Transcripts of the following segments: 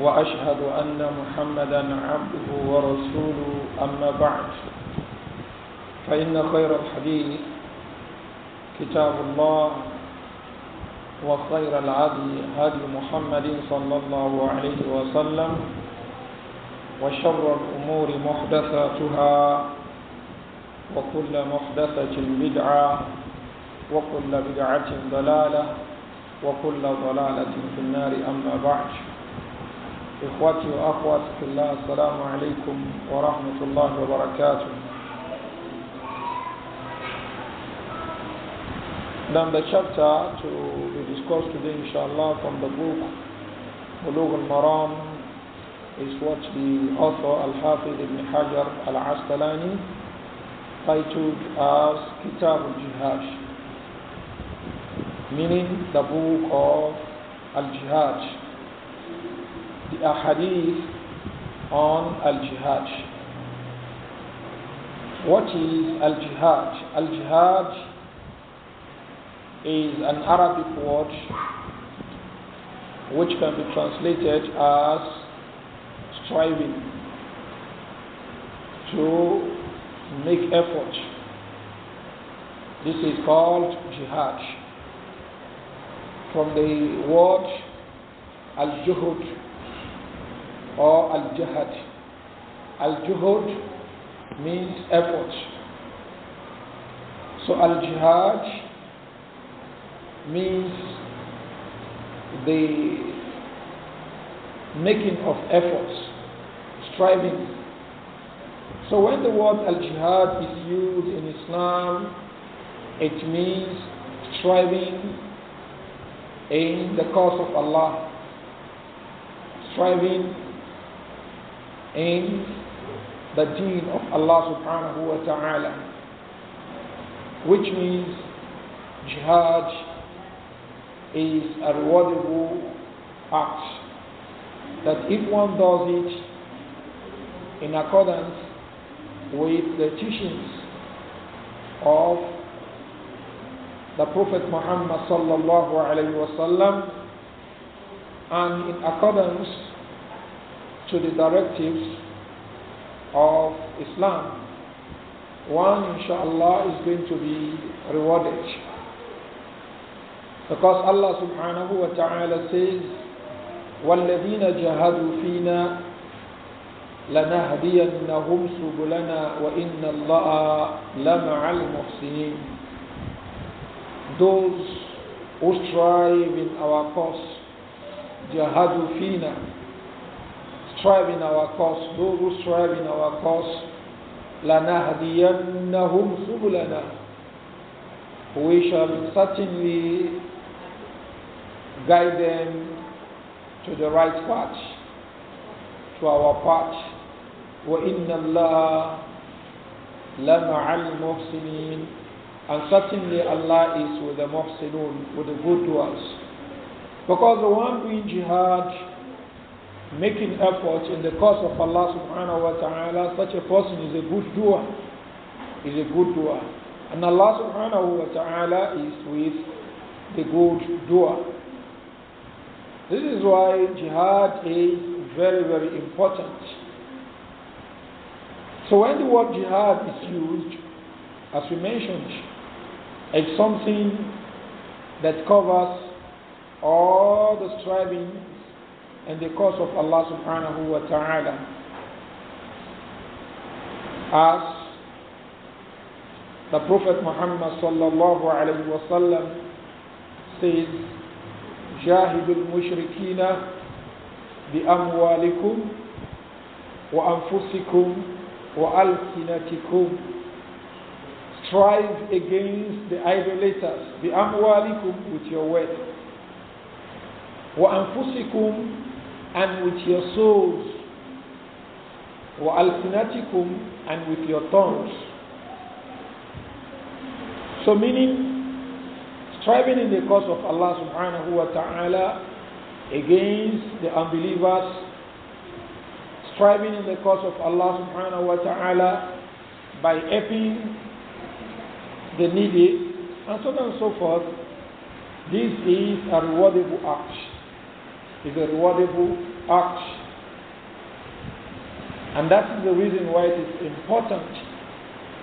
وأشهد أن محمدا عبده ورسوله أما بعد فإن خير الحديث كتاب الله وخير العدل هدي محمد صلى الله عليه وسلم وشر الأمور محدثاتها وكل محدثة بدعة وكل بدعة ضلالة وكل ضلالة في النار أما بعد إخوتي وأخواتي في الله السلام عليكم ورحمة الله وبركاته Then the chapter to be discussed today inshallah from the book Bulugh al-Maram is what the author Al-Hafiz ibn Hajar al-Asqalani titled as Kitab al-Jihad meaning the book of Al-Jihad the ahadith on al-jihad. What is al-jihad? Al-jihad is an Arabic word which can be translated as striving to make effort. This is called jihad. From the word al-juhud or al-jihad. Al-juhud means effort. So al-jihad means the making of efforts, striving. So when the word al-jihad is used in Islam, it means striving in the cause of Allah, striving in the deen of Allah subhanahu wa ta'ala, which means jihad is a rewardable act. That if one does it in accordance with the teachings of the Prophet Muhammad sallallahu alaihi wasallam and in accordance to the directives of Islam. One, inshallah, is going to be rewarded. Because Allah subhanahu wa ta'ala says, وَالَّذِينَ جَهَدُوا فِينَا لَنَهْدِيَنَّهُمْ سُبُلَنَا وَإِنَّ اللَّهَ لَمَعَ الْمُحْسِنِينَ Those who strive in our cause, جَهَدُوا فِينَا strive in our cause, those who strive in our cause, لَنَهْدِيَنَّهُمْ سُبُلَنَا We shall certainly guide them to the right path, to our path. وَإِنَّ اللَّهَ لَمَعَ الْمُحْسِنِينَ and certainly Allah is with the muhsinun, with the good doers. Because the one doing jihad making efforts in the cause of Allah subhanahu wa ta'ala, such a person is a good doer. Is a good doer. And Allah subhanahu wa ta'ala is with the good doer. This is why jihad is very, very important. So when the word jihad is used, as we mentioned, it's something that covers all the striving in the cause of Allah subhanahu wa ta'ala. As the Prophet Muhammad sallallahu alayhi wa sallam says, جاهد المشركين بأموالكم وأنفسكم وألسنتكم strive against the idolaters بأموالكم with your wealth وأنفسكم and with your souls. kum, and with your tongues. So meaning, striving in the cause of Allah subhanahu wa ta'ala against the unbelievers, striving in the cause of Allah subhanahu wa ta'ala by helping the needy, and so on and so forth, this is a rewardable act is a rewardable act. And that is the reason why it is important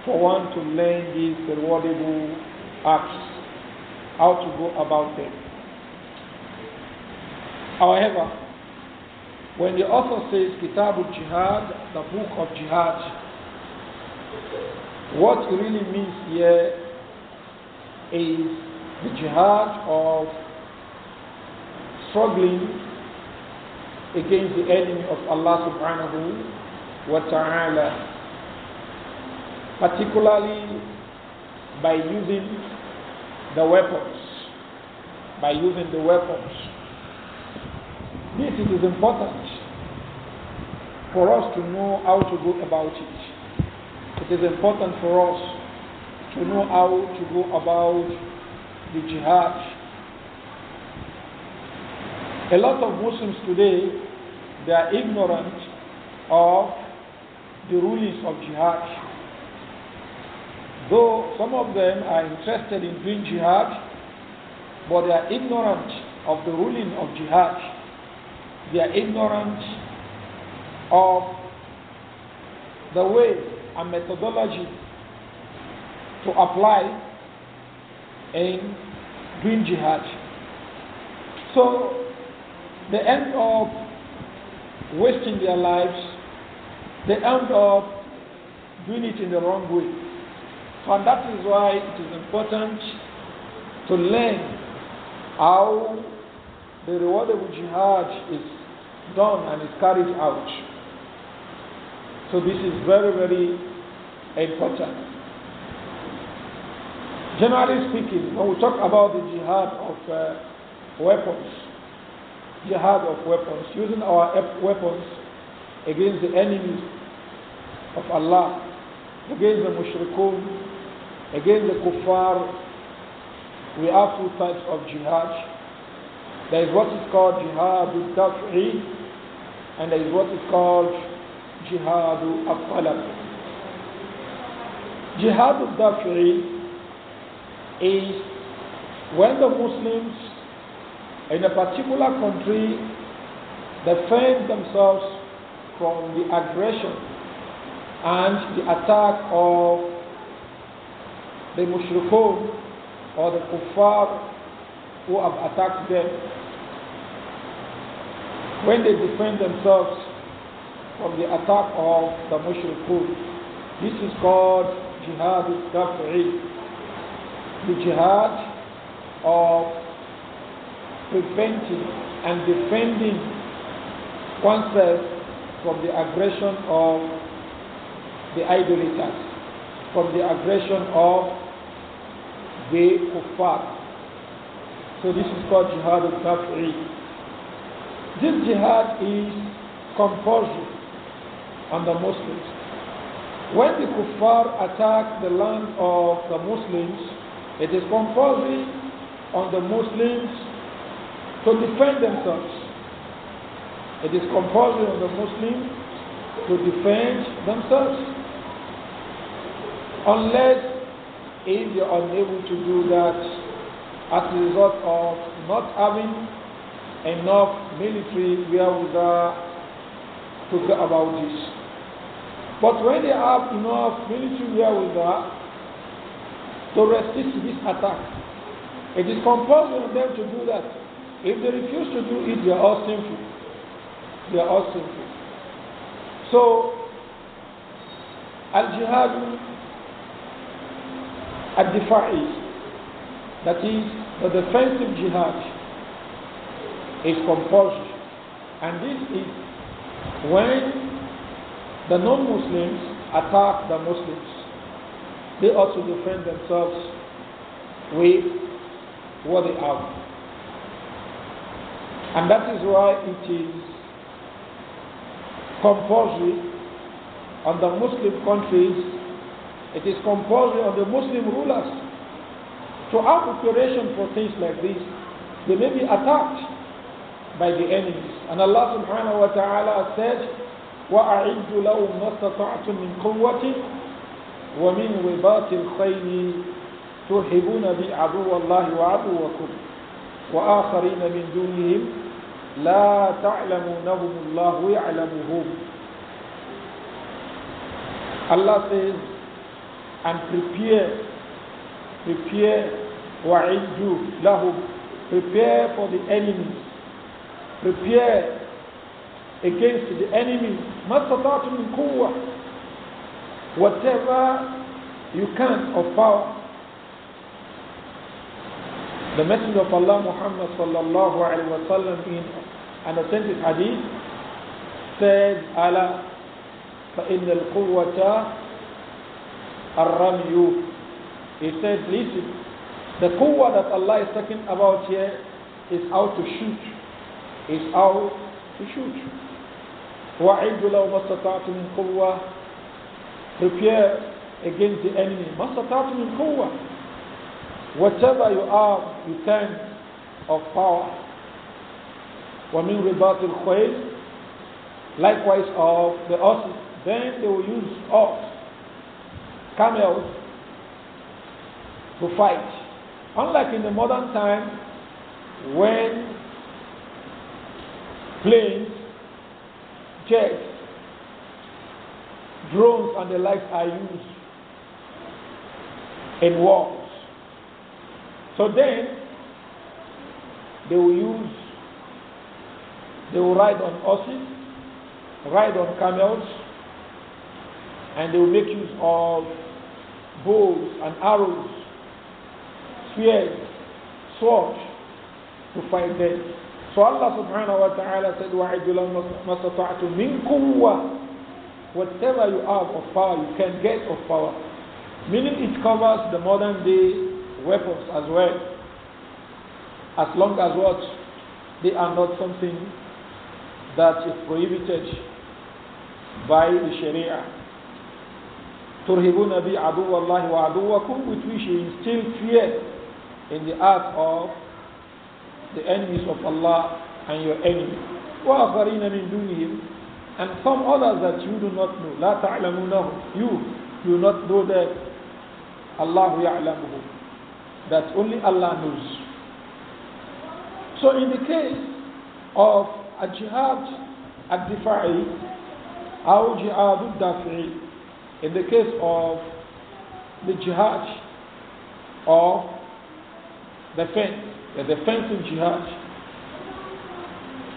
for one to learn these rewardable acts, how to go about them. However, when the author says Kitab al-Jihad, the book of jihad, what it really means here is the jihad of struggling against the enemy of Allah subhanahu wa ta'ala, particularly by using the weapons. By using the weapons. This is important for us to know how to go about it. It is important for us to know how to go about the jihad a lot of Muslims today, they are ignorant of the rulings of jihad. Though some of them are interested in doing jihad, but they are ignorant of the ruling of jihad. They are ignorant of the way and methodology to apply in doing jihad. So they end up wasting their lives. They end up doing it in the wrong way. And that is why it is important to learn how the reward of jihad is done and is carried out. So this is very, very important. Generally speaking, when we talk about the jihad of uh, weapons, jihad of weapons, using our weapons against the enemies of Allah, against the mushrikun, against the kuffar. We have two types of jihad. There is what is called jihad al-daf'i and there is what is called jihad al-talab. Jihad al-daf'i is when the Muslims in a particular country defend themselves from the aggression and the attack of the mushrikun or the kuffar who have attacked them. When they defend themselves from the attack of the mushrikun, this is called jihad al-daf'i, the jihad of preventing and defending oneself from the aggression of the idolaters, from the aggression of the kuffar. So this is called jihad al-tafri. This jihad is compulsory on the Muslims. When the kuffar attack the land of the Muslims, it is compulsory on the Muslims to defend themselves. It is compulsory on the Muslims to defend themselves unless if they are unable to do that as a result of not having enough military wherewithal to go about this. But when they have enough military wherewithal to resist this attack, it is compulsory on them to do that. If they refuse to do it, they are all sinful. They are all sinful. So, al-jihad far that is, the defensive jihad, is compulsory. And this is when the non-Muslims attack the Muslims. They also defend themselves with what they have. And that is why it is compulsory on the Muslim countries, it is compulsory on the Muslim rulers to have preparation for things like this. They may be attacked by the enemies. And Allah subhanahu wa ta'ala said, وَأَعِدُّ لَهُمْ مَا اسْتَطَعْتُمْ مِنْ قُوَّةٍ وَمِنْ رِبَاطِ الْخَيْلِ تُرْهِبُونَ بِعَدُوَّ اللَّهِ وَعَدُوَّكُمْ وآخرين من دونهم لا تعلمونهم الله يعلمهم Allah says and prepare prepare wa'iddu lahum prepare for the enemies prepare against the enemy استطعت من قوة whatever you can of power the message of Allah Muhammad sallallahu alaihi wasallam in and authentic hadith says Allah فَإِنَّ الْقُوَّةَ الرَّمْيُ He says, listen, the quwwah that Allah is talking about here is how to shoot. Is how to shoot. وَعِدُّ لَوْ مَسْتَطَعْتُ قُوَّةِ Prepare against the enemy. مَسْتَطَعْتُ مِنْ قُوَّةِ Whatever you are, you can of power. وَمِنْ رِبَاطِ الْخَيْلِ Likewise of the oxen. Then they will use ox, camels, to fight. Unlike in the modern time, when planes, jets, drones, and the like are used in wars. So then they will use they will ride on horses, ride on camels, and they will make use of bows and arrows, spears, swords to fight them. So Allah subhanahu wa ta'ala said, Whatever you have of power, you can get of power. Meaning it covers the modern day weapons as well. As long as what? They are not something that is prohibited by the Sharia. ترهبون بي عدو الله وعدوكم Which which he instilled fear in the heart of the enemies of Allah and your enemy. وآخرين من دونهم and some others that you do not know لا تعلمونهم you do not know that Allah يعلمهم that only Allah knows. So in the case of الجهاد الدفاعي أو جهاد الدافعي in the case of the jihad of defense, the defensive jihad,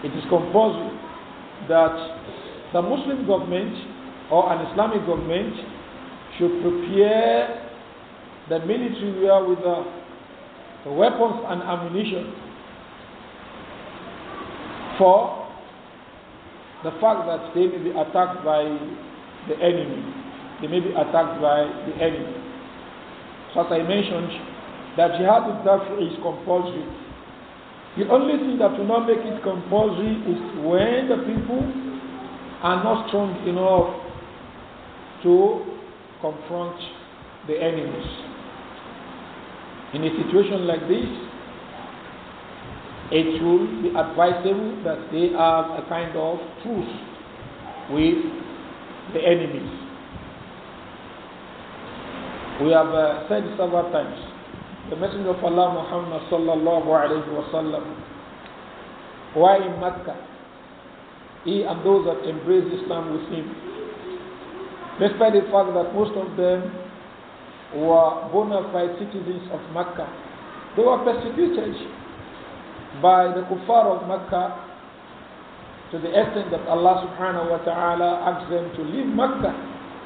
it is compulsory that the Muslim government or an Islamic government should prepare the military with the weapons and ammunition for the fact that they may be attacked by the enemy. They may be attacked by the enemy. So as I mentioned, that jihad is compulsory. The only thing that will not make it compulsory is when the people are not strong enough to confront the enemies. In a situation like this, it will be advisable that they have a kind of truce with the enemies. We have uh, said several times, the Messenger of Allah Muhammad sallallahu alayhi wa sallam, while in Mecca, he and those that embraced Islam with him, despite the fact that most of them were bona fide citizens of Mecca. They were persecuted by the kuffar of Mecca to the extent that Allah subhanahu wa ta'ala asked them to leave Mecca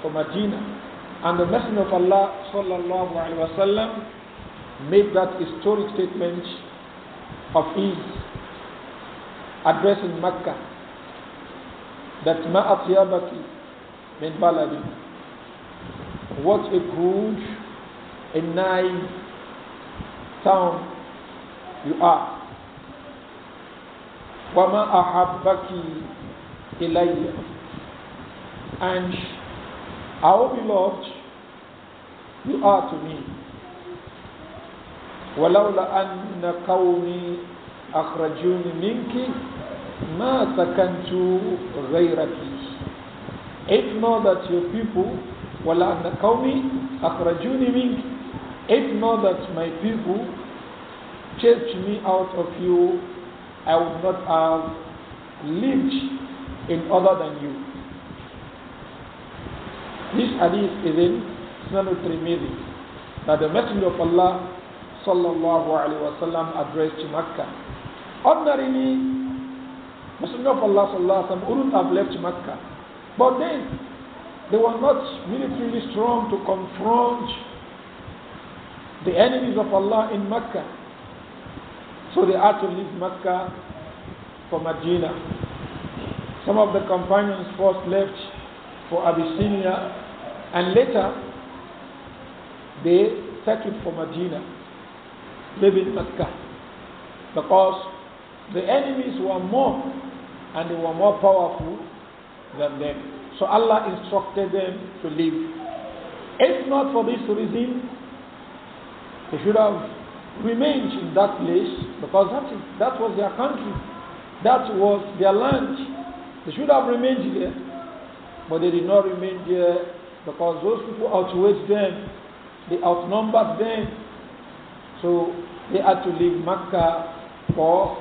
for Medina. And the Messenger of Allah sallallahu alaihi wasallam made that historic statement of his addressing Mecca that ma'atyabaki min baladi what a good a nice town you are وَمَا أَحَبَّكِ إِلَيَّ And our beloved you are to me. وَلَوْلَا أَنَّ قَوْمِي أَخْرَجُونِ مِنْكِ مَا سَكَنْتُ غَيْرَكِ If not that your people, وَلَا أَنَّ قَوْمِي أَخْرَجُونِ مِنْك If not that my people chased me out of you I would not have lived in other than you. This hadith is in Sunan al-Tirmidhi that the Messenger of Allah sallallahu alaihi wasallam addressed to Mecca. Ordinarily, Messenger of Allah sallallahu alaihi wasallam wouldn't have left Mecca, but then they were not militarily strong to confront the enemies of Allah in Mecca. So they had to leave Mecca for Medina. Some of the companions first left for Abyssinia and later they settled for Medina, leaving Mecca because the enemies were more and they were more powerful than them. So Allah instructed them to leave. If not for this reason, they should have remained in that place because that, is, that was their country, that was their land. They should have remained there, but they did not remain there because those people outweighed them, they outnumbered them. So they had to leave Mecca for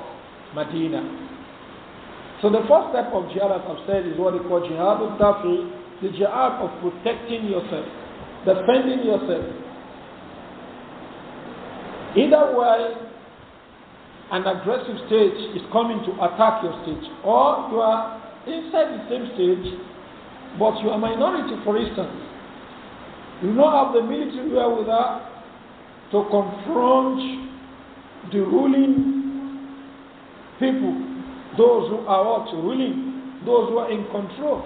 Medina. So the first step of jihad, as I've said, is what they call jihad al-tafi, the jihad of protecting yourself, defending yourself, Either way, an aggressive stage is coming to attack your stage, or you are inside the same stage, but you are minority, for instance. You don't have the military wherewithal to confront the ruling people, those who are what ruling, those who are in control.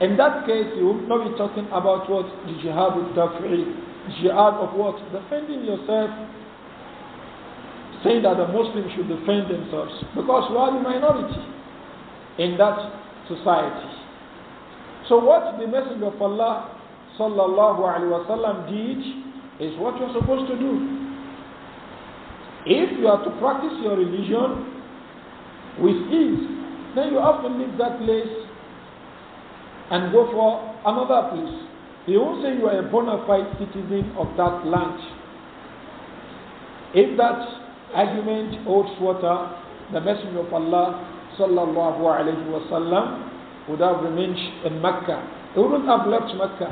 In that case, you will not be talking about what the jihad would do jihad of what? Defending yourself, saying that the Muslims should defend themselves because we are the minority in that society. So what the Messenger of Allah sallallahu alaihi wasallam did is what you're supposed to do. If you are to practice your religion with ease, then you have to leave that place and go for another place. He won't say you are a bona fide citizen of that land. If that argument holds water, the Messenger of Allah sallallahu alayhi wasallam would have remained in Mecca. He wouldn't have left Mecca.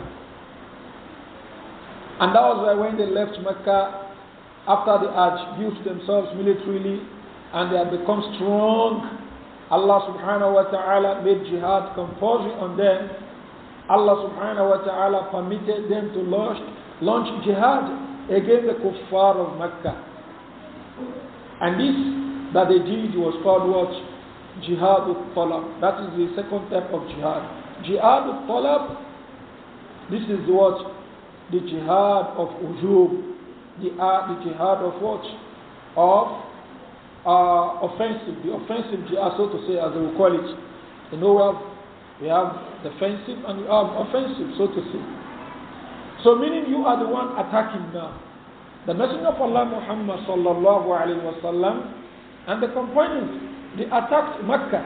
And that was why when they left Mecca, after they had built themselves militarily and they had become strong, Allah subhanahu wa ta'ala made jihad compulsory on them Allah subhanahu wa ta'ala permitted them to launch, launch jihad against the kuffar of Mecca. And this that they did was called what? Jihad al-Talab. That is the second type of jihad. Jihad al-Talab, this is what? The jihad of ujub. The, uh, the jihad of what? Of uh, offensive, the offensive jihad, so to say, as we will call it. You know, we have defensive and we have offensive, so to say. So meaning you are the one attacking now. The Messenger of Allah Muhammad sallallahu alaihi wasallam and the companions, they attacked Mecca.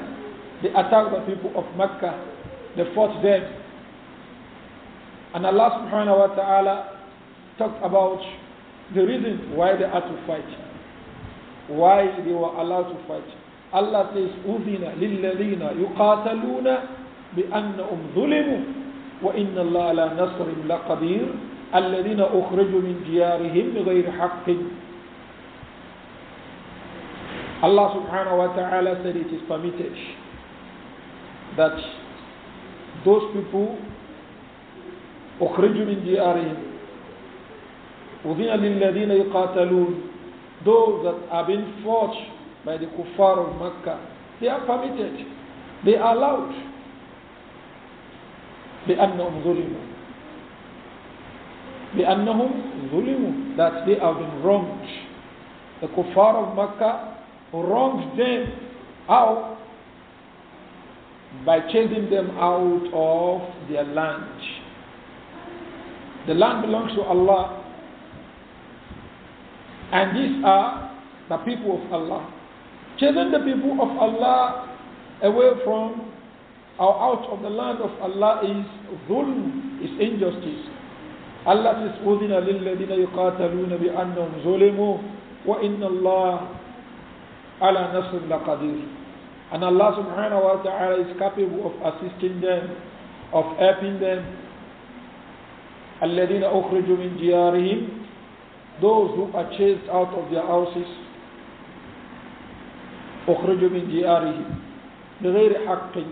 They attacked the people of Mecca. They fought them. And Allah subhanahu wa ta'ala talked about the reason why they had to fight. Why they were allowed to fight. Allah says, أُذِنَ لِلَّذِينَ يُقَاتَلُونَ بأنهم ظلموا وإن الله على نصر لقدير الذين أخرجوا من ديارهم بغير حق الله سبحانه وتعالى said it is permitted that those people أخرجوا من ديارهم وذين للذين يقاتلون those that have been forged by the kuffar of Makkah they are permitted they are allowed بأنهم ظلموا بأنهم ظلموا that they have been wronged the kuffar of Makkah wronged them how by chasing them out of their land the land belongs to Allah and these are the people of Allah chasing the people of Allah away from or out of the land of Allah is zulm, is injustice. Allah says, أُذِنَ لِلَّذِينَ يُقَاتَلُونَ بِأَنَّهُمْ ظُلِمُوا وَإِنَّ اللَّهَ عَلَى نَصْرٍ لَقَدِيرٍ And Allah subhanahu wa ta'ala is capable of assisting them, of helping them. الَّذِينَ أُخْرِجُوا مِنْ دِيَارِهِمْ Those who are chased out of their houses. أُخْرِجُوا مِنْ دِيَارِهِمْ بِغَيْرِ حَقٍّ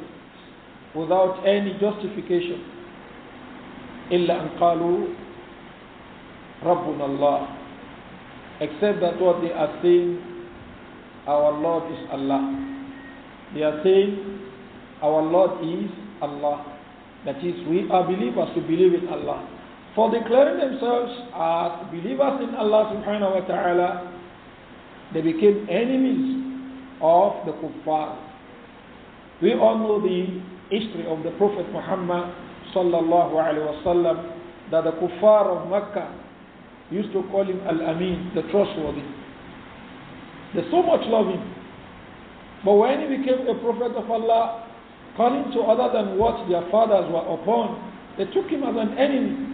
without any justification. إلا أن قالوا ربنا الله except that what they are saying our Lord is Allah they are saying our Lord is Allah that is we are believers to believe in Allah for declaring themselves as believers in Allah subhanahu wa ta'ala they became enemies of the kuffar we all know the history of the Prophet Muhammad sallallahu alaihi wasallam that the kuffar of Mecca used to call him Al-Amin, the trustworthy. They so much love him. But when he became a prophet of Allah, calling to other than what their fathers were upon, they took him as an enemy.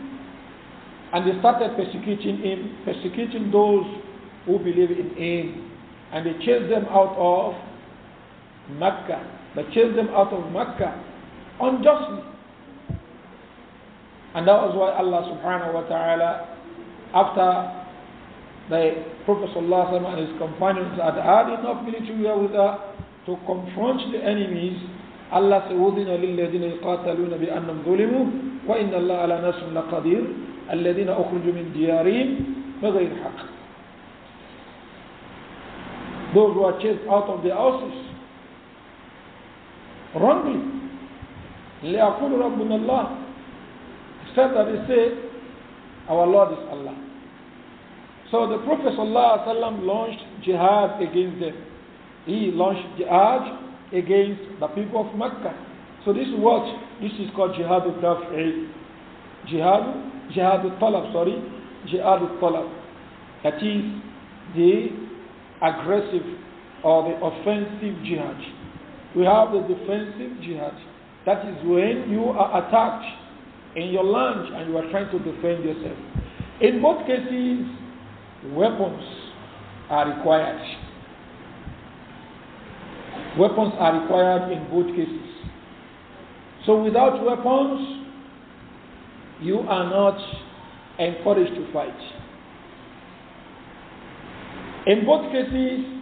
And they started persecuting him, persecuting those who believe in him. And they chased them out of Mecca that chased them out of Mecca unjustly. And that was why Allah subhanahu wa ta'ala, after the Prophet and his companions had had enough military wear to confront the enemies, Allah said, وَذِنَ لِلَّذِينَ يُقَاتَلُونَ بِأَنَّمْ ظُلِمُوا وَإِنَّ اللَّهَ عَلَى نَسْرٍ لَقَدِيرٌ الَّذِينَ أُخْرِجُوا مِنْ دِيَارِهِمْ بِغَيْرِ حَقٍّ Those who are chased out of their houses wrongly. ليقول ربنا الله said that they say our Lord is Allah. So the Prophet ﷺ launched jihad against them. He launched jihad against the people of Mecca. So this is what this is called jihad al dafi jihad jihad al talab sorry jihad al talab that is the aggressive or the offensive jihad. We have the defensive jihad. That is when you are attacked in your land and you are trying to defend yourself. In both cases, weapons are required. Weapons are required in both cases. So without weapons, you are not encouraged to fight. In both cases,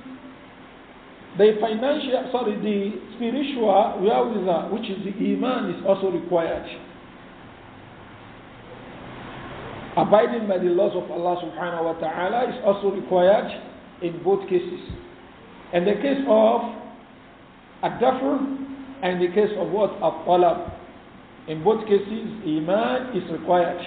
the financial, sorry, the spiritual wherewithal, which is the iman, is also required. Abiding by the laws of Allah subhanahu wa ta'ala is also required in both cases. In the case of adafr and the case of what? Of talab. In both cases, iman is required.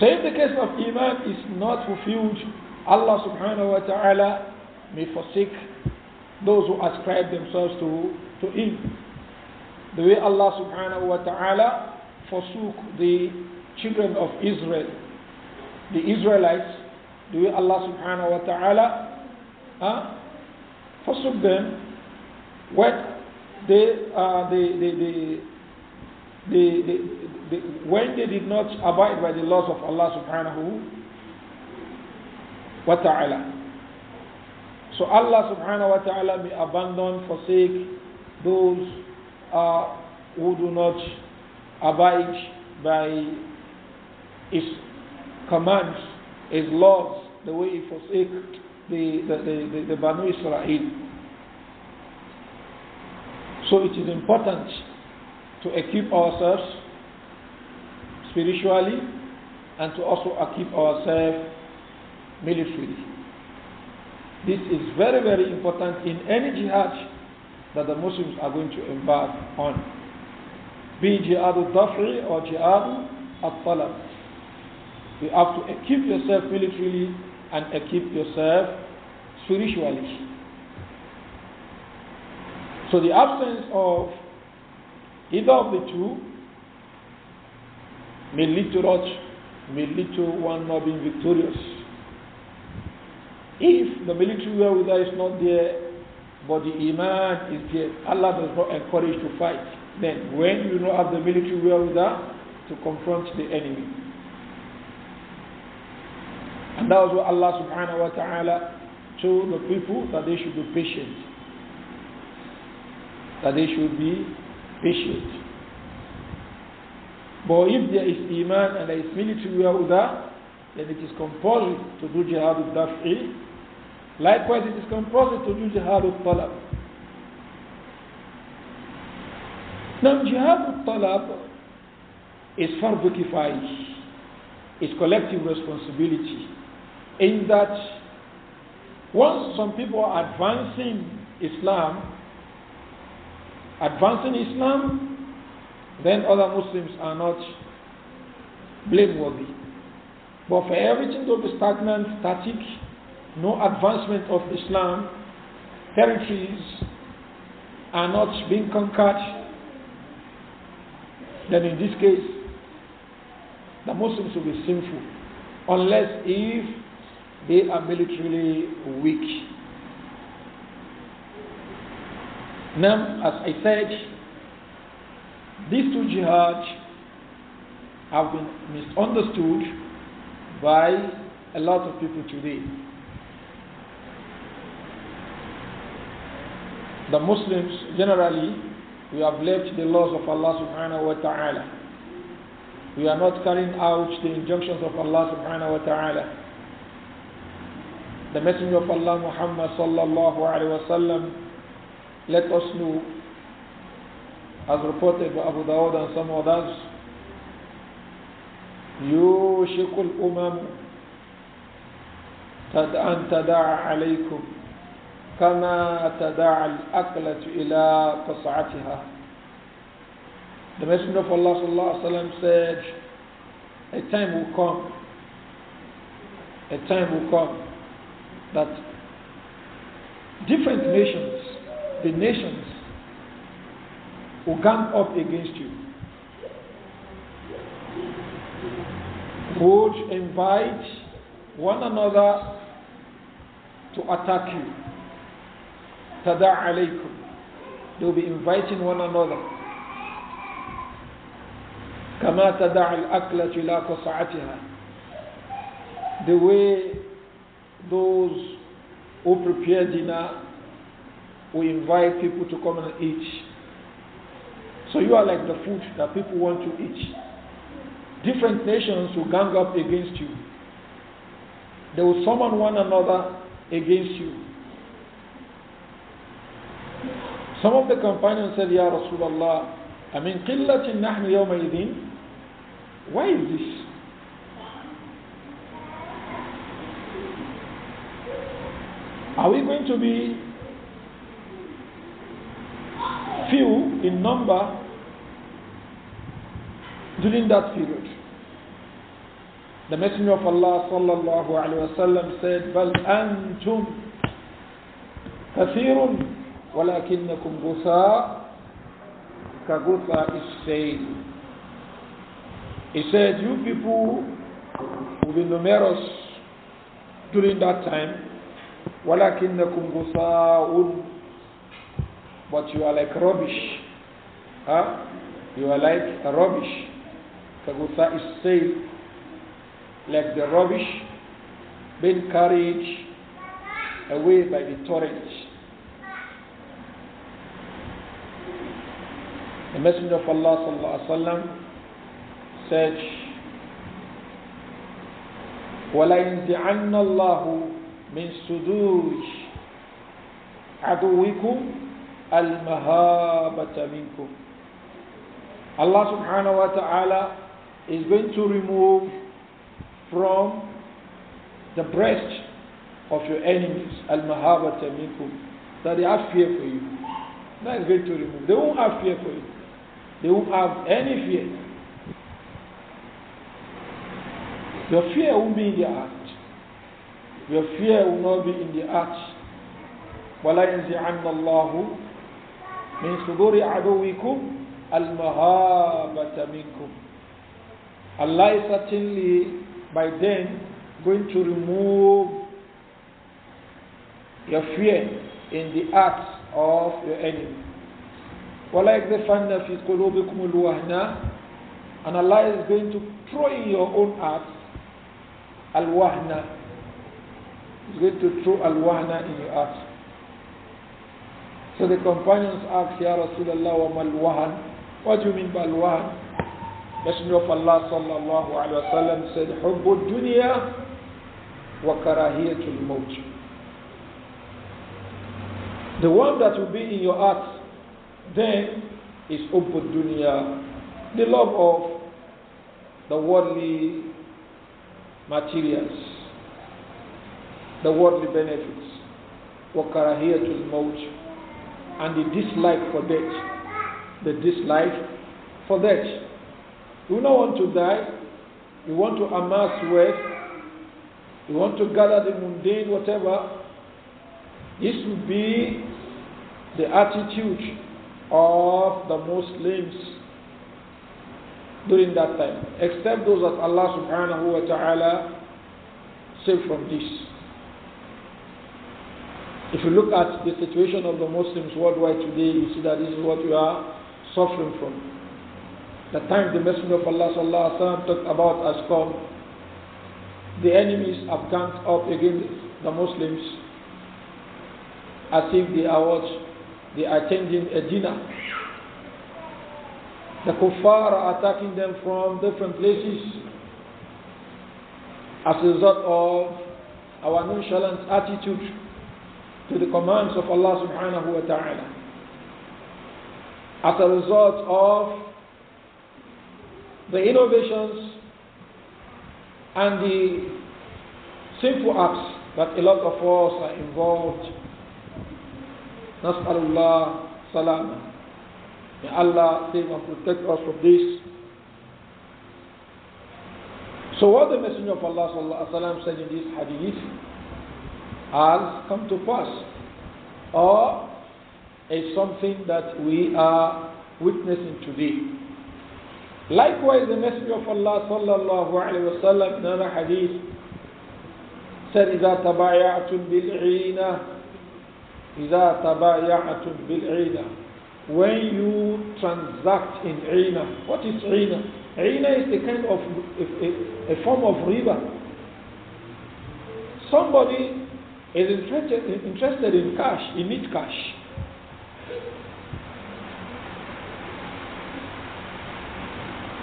So if the case of iman is not fulfilled, Allah subhanahu wa ta'ala may forsake those who ascribe themselves to, to him. The way Allah subhanahu wa ta'ala forsook the children of Israel, the Israelites, the way Allah subhanahu wa ta'ala huh, forsook them when they, uh, they, they, they, they, they, they, when they did not abide by the laws of Allah subhanahu wa ta'ala. So Allah subhanahu wa ta'ala may abandon, forsake those uh, who do not abide by His commands, His laws, the way He forsake the, the, the, the, the Banu Israel. So it is important to equip ourselves spiritually and to also equip ourselves militarily. This is very, very important in any jihad that the Muslims are going to embark on. Be jihad al-dafri or jihad al-talab. You have to equip yourself militarily and equip yourself spiritually. So the absence of either of the two may lead to rot, may lead to one not being victorious. If the military wherewithal is not there, but the Iman is there, Allah does not encourage to fight. Then, when you don't have the military wherewithal to confront the enemy. And that was what Allah subhanahu wa ta'ala told the people that they should be patient. That they should be patient. But if there is Iman and there is military wherewithal, then it is compulsory to do jihad of daf'i. Likewise, it is compulsory to do jihad of talab. Now, jihad of talab is fardu kifayah, It's collective responsibility, in that once some people are advancing Islam, advancing Islam, then other Muslims are not blameworthy. But for everything to be stagnant, static, no advancement of Islam, territories are not being conquered, then in this case, the Muslims will be sinful, unless if they are militarily weak. Now, as I said, these two jihad have been misunderstood by a lot of people today. The Muslims, generally, we have left the laws of Allah subhanahu wa ta'ala. We are not carrying out the injunctions of Allah subhanahu wa ta'ala. The Messenger of Allah Muhammad sallallahu alayhi wa sallam let us know, as reported by Abu Dawud and some others, يوشك الأمم أن تدع عليكم كما تدع الأكلة إلى قصعتها The Messenger of Allah sallallahu alaihi wasallam said, a time will come, a time will come that different nations, the nations, will gang up against you would invite one another to attack you. Tada alaykum. They'll be inviting one another. كما تدع الأكلة إلى قصعتها The way those who prepare dinner we invite people to come and eat. So you are like the food that people want to eat different nations will gang up against you. They will summon one another against you. Some of the companions said, Ya Rasulullah, I mean, قِلَّةٍ نَحْنُ يَوْمَئِذٍ Why is this? Are we going to be few in number during that period? The Messenger of Allah sallallahu alayhi wa sallam said, "Bal antum kathirun, walakinnakum gutha kagutha is He said, "You people will be numerous during that time, walakinnakum guthaun, but you are like rubbish, huh? You are like rubbish. Kagutha is like the rubbish being carried away by the torrent. The Messenger of Allah وسلم, said, وَلَيْنْزِعَنَّ اللَّهُ مِنْ سُدُورِ عَدُوِّكُمْ الْمَهَابَةَ مِنْكُمْ Allah subhanahu wa ta'ala is going to remove from the breast of your enemies, al mahabata minkum, that they have fear for you. That is going to remove. They won't have fear for you. They won't have any fear. Your fear won't be in the heart. Your fear will not be in the heart. ولا ينزعن الله من صدور عدوكم المهابة منكم Allah certainly by then going to remove your fear in the acts of your enemy. And Allah is going to throw in your own acts al-wahna. He's going to throw al-wahna in your acts. So the companions ask, Ya Rasulullah, wa mal-wahan? What do you mean by al-wahan? Messenger of Allah sallallahu alaihi wasallam said, "Hubbu wa karahiyatul maut." The one that will be in your heart then is hubbu the love of the worldly materials, the worldly benefits, wa karahiyatul maut, and the dislike for death, the dislike for death. You don't want to die. You want to amass wealth. You want to gather the mundane, whatever. This will be the attitude of the Muslims during that time, except those that Allah subhanahu wa ta'ala saved from this. If you look at the situation of the Muslims worldwide today, you see that this is what we are suffering from. The time the Messenger of Allah sallallahu alaihi wasallam talked about has come. The enemies have come up against the Muslims as if they are what they are attending a dinner. The kuffar are attacking them from different places as a result of our nonchalant attitude to the commands of Allah subhanahu wa ta'ala. As a result of the innovations and the simple apps that a lot of us are involved. Nas'alullah salam. May Allah save and protect us from this. So what the Messenger of Allah sallam, said in this hadith has come to pass or is something that we are witnessing today. Likewise, the Messenger of Allah sallallahu alayhi wa sallam in another hadith said, إِذَا تَبَايَعْتُمْ بِالْعِينَةِ إِذَا تَبَايَعْتُمْ بِالْعِينَةِ When you transact in عِينَة What is عِينَة? عِينَة is the kind of, a, a, a form of riba. Somebody is interested, interested in cash, in need cash.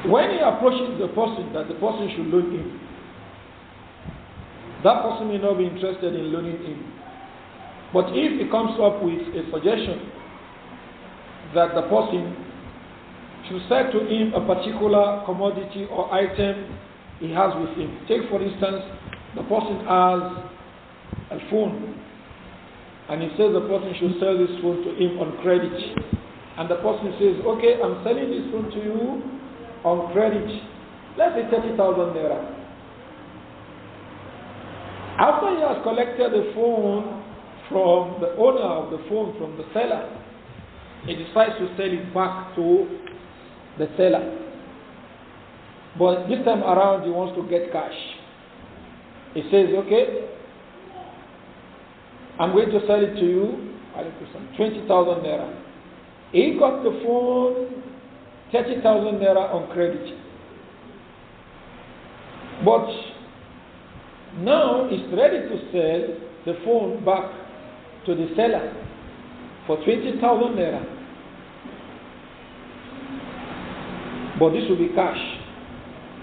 When he approaches the person that the person should loan him, that person may not be interested in loaning him. But if he comes up with a suggestion that the person should sell to him a particular commodity or item he has with him, take for instance, the person has a phone and he says the person should sell this phone to him on credit. And the person says, okay, I'm selling this phone to you on credit, let's say 30,000 naira. After he has collected the phone from the owner of the phone, from the seller, he decides to sell it back to the seller. But this time around, he wants to get cash. He says, okay, I'm going to sell it to you, 20,000 naira. He got the phone 30,000 naira on credit. But now he's ready to sell the phone back to the seller for 20,000 naira. But this will be cash.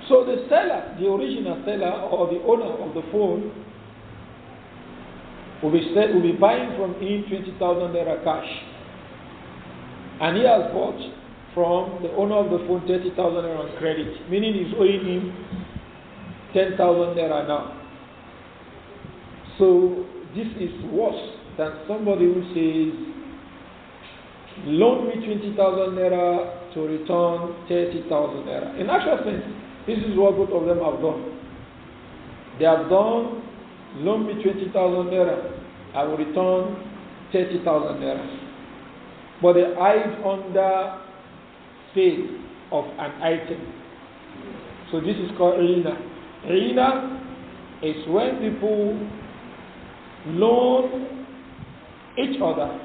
So the seller, the original seller or the owner of the phone, will be, sell, will be buying from him 20,000 naira cash. And he has bought from the owner of the phone 30,000 naira on credit, meaning he's owing him 10,000 naira now. So this is worse than somebody who says, loan me 20,000 naira to return 30,000 naira. In actual sense, this is what both of them have done. They have done, loan me 20,000 naira, I will return 30,000 naira. But they hide under sale of an item. So this is called Rina. Rina is when people loan each other.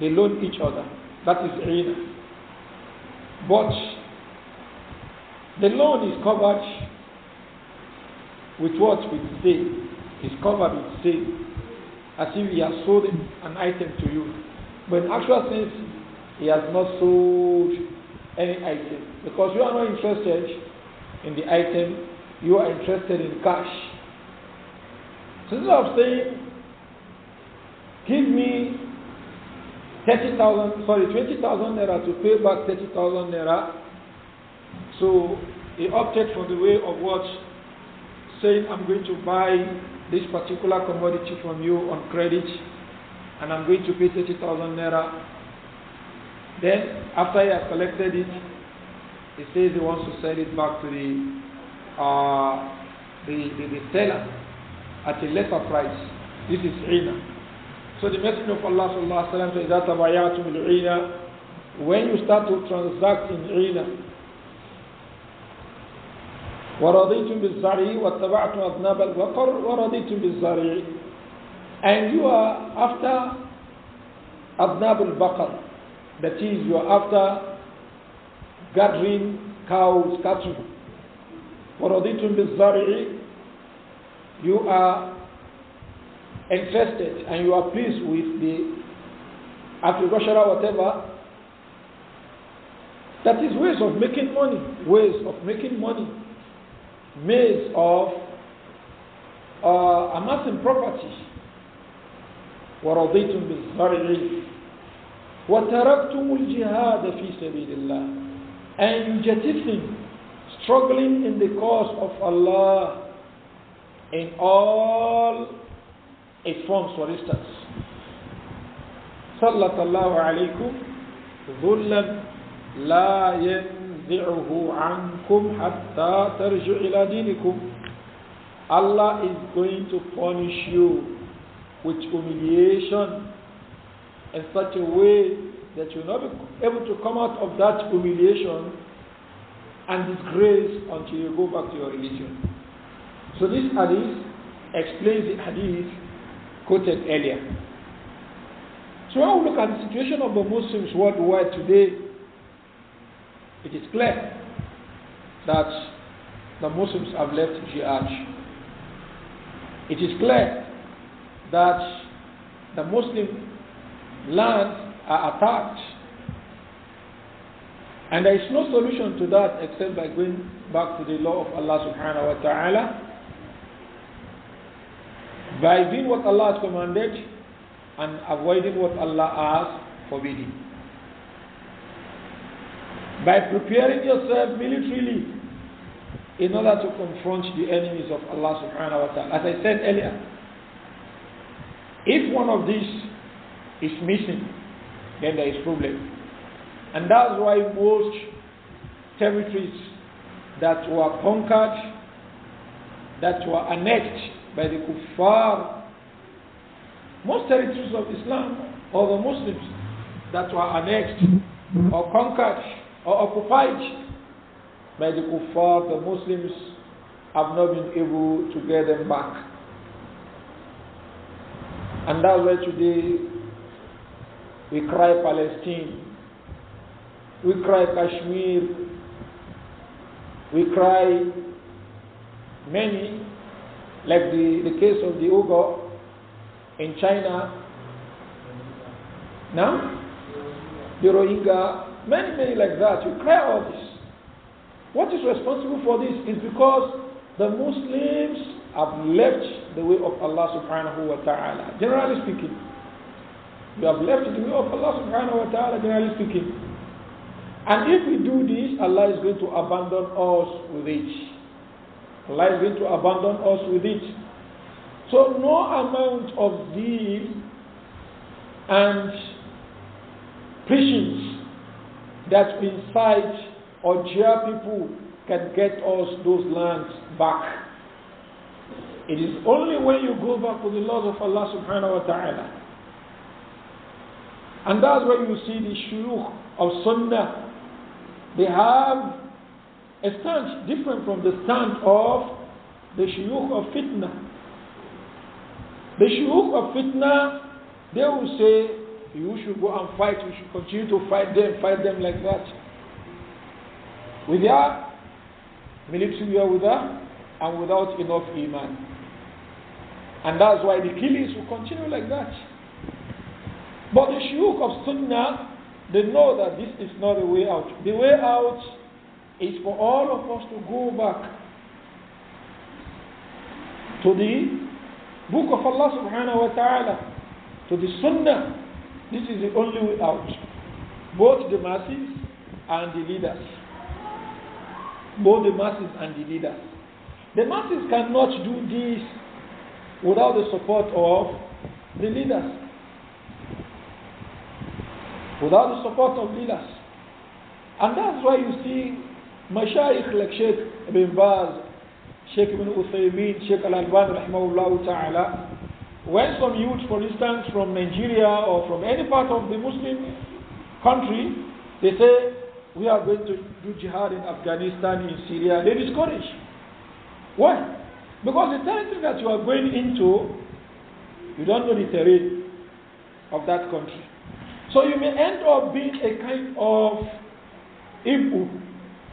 They loan each other. That is Rina. But the loan is covered with what? With sale. It's covered with sale. As if he has sold an item to you. But in actual sense, he has not sold any item. Because you are not interested in the item, you are interested in cash. So instead of saying, give me 30,000, sorry, 20,000 naira to pay back 30,000 naira, so he opted for the way of what? Saying, I'm going to buy this particular commodity from you on credit and I'm going to pay 30,000 naira then, after he has collected it, he says he wants to sell it back to the, uh, the, the, the, seller at a lesser price. This is Ina. So the message of Allah sallallahu alaihi wasallam says, when you start to transact in Ina, ورضيتم بالزرع واتبعتم أذناب الْبَقَرَ ورضيتم بالزرع and you are after أذناب البقر that is, you are after gathering cows, cattle. for بِالزَّرْعِ You are interested and you are pleased with the agricultural whatever. That is ways of making money, ways of making money, ways of uh, amassing property. وَرَضِيتُمْ بِالزَّرْعِ وَتَرَكْتُمُ الْجِهَادَ فِي سَبِيلِ اللَّهِ And you're jettisoning, struggling in the cause of Allah in all its forms, for instance. سَلَّتَ اللَّهُ عَلَيْكُمْ ذُلًّا لَا يَنْزِعُهُ عَنْكُمْ حَتَّى تَرْجُعْ إِلَى دِينِكُمْ Allah is going to punish you with humiliation in such a way that you will not be able to come out of that humiliation and disgrace until you go back to your religion. So this hadith explains the hadith quoted earlier. So when we look at the situation of the Muslims worldwide today, it is clear that the Muslims have left jihad. It is clear that the Muslim lands are attacked. And there is no solution to that except by going back to the law of Allah subhanahu wa ta'ala. By doing what Allah has commanded and avoiding what Allah has forbidden. By preparing yourself militarily in order to confront the enemies of Allah subhanahu wa ta'ala. As I said earlier, if one of these is missing, then there is problem. And that's why most territories that were conquered, that were annexed by the kuffar, most territories of Islam or the Muslims that were annexed or conquered or occupied by the kuffar, the Muslims have not been able to get them back. And that's why today we cry Palestine. We cry Kashmir. We cry many, like the, the case of the Uyghur in China. Now, the Rohingya, many, many like that. We cry all this. What is responsible for this is because the Muslims have left the way of Allah subhanahu wa ta'ala, generally speaking. You have left the way of Allah subhanahu wa ta'ala, generally speaking. And if we do this, Allah is going to abandon us with it. Allah is going to abandon us with it. So no amount of deal and preachings that incite or jeer people can get us those lands back. It is only when you go back to the laws of Allah subhanahu wa ta'ala and that's why you see the shuyukh of Sunnah. They have a stance different from the stance of the shuyukh of fitna. The shuyukh of fitna, they will say, you should go and fight, you should continue to fight them, fight them like that. With their military with her, and without enough iman. And that's why the killings will continue like that. But the shuyukh of Sunnah, they know that this is not the way out. The way out is for all of us to go back to the book of Allah subhanahu wa ta'ala, to the Sunnah. This is the only way out. Both the masses and the leaders. Both the masses and the leaders. The masses cannot do this without the support of the leaders without the support of leaders. And that's why you see mashayikh like Sheikh Ibn Baz, Sheikh Ibn Uthaymeen, Sheikh Al-Alban rahimahullah ta'ala, when some youth, for instance, from Nigeria or from any part of the Muslim country, they say, we are going to do jihad in Afghanistan, in Syria, they discourage. Why? Because the territory that you are going into, you don't know the terrain of that country. So you may end up being a kind of impu,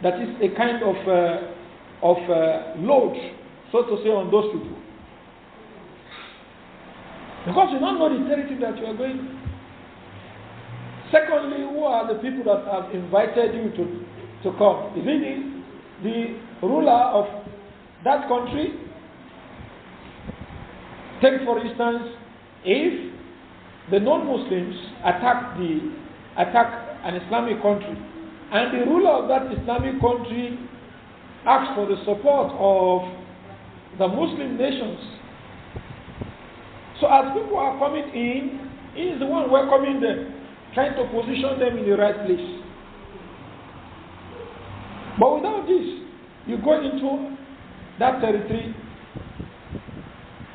that is a kind of uh, of uh, load, so to say, on those people. Because you don't know the territory that you are going. Secondly, who are the people that have invited you to, to come? Is it the, the ruler of that country? Take, for instance, if the non-Muslims attack the attack an Islamic country, and the ruler of that Islamic country asks for the support of the Muslim nations. So as people are coming in, he is the one welcoming them, trying to position them in the right place. But without this, you go into that territory,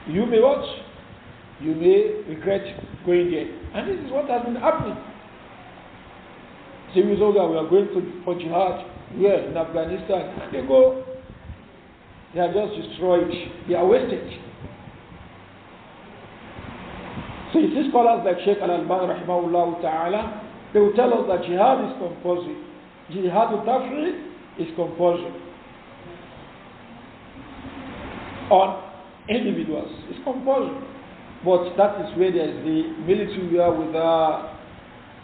you may watch, you may regret going there. And this is what has been happening. So we that we are going to, for jihad here in Afghanistan. They go, they are just destroyed, they are wasted. So you see scholars like Sheikh Al-Alban rahimahullah ta'ala, they will tell us that jihad is compulsory. Jihad al-Tafri is compulsory. On individuals, it's compulsory. But that is where there is the military wear with her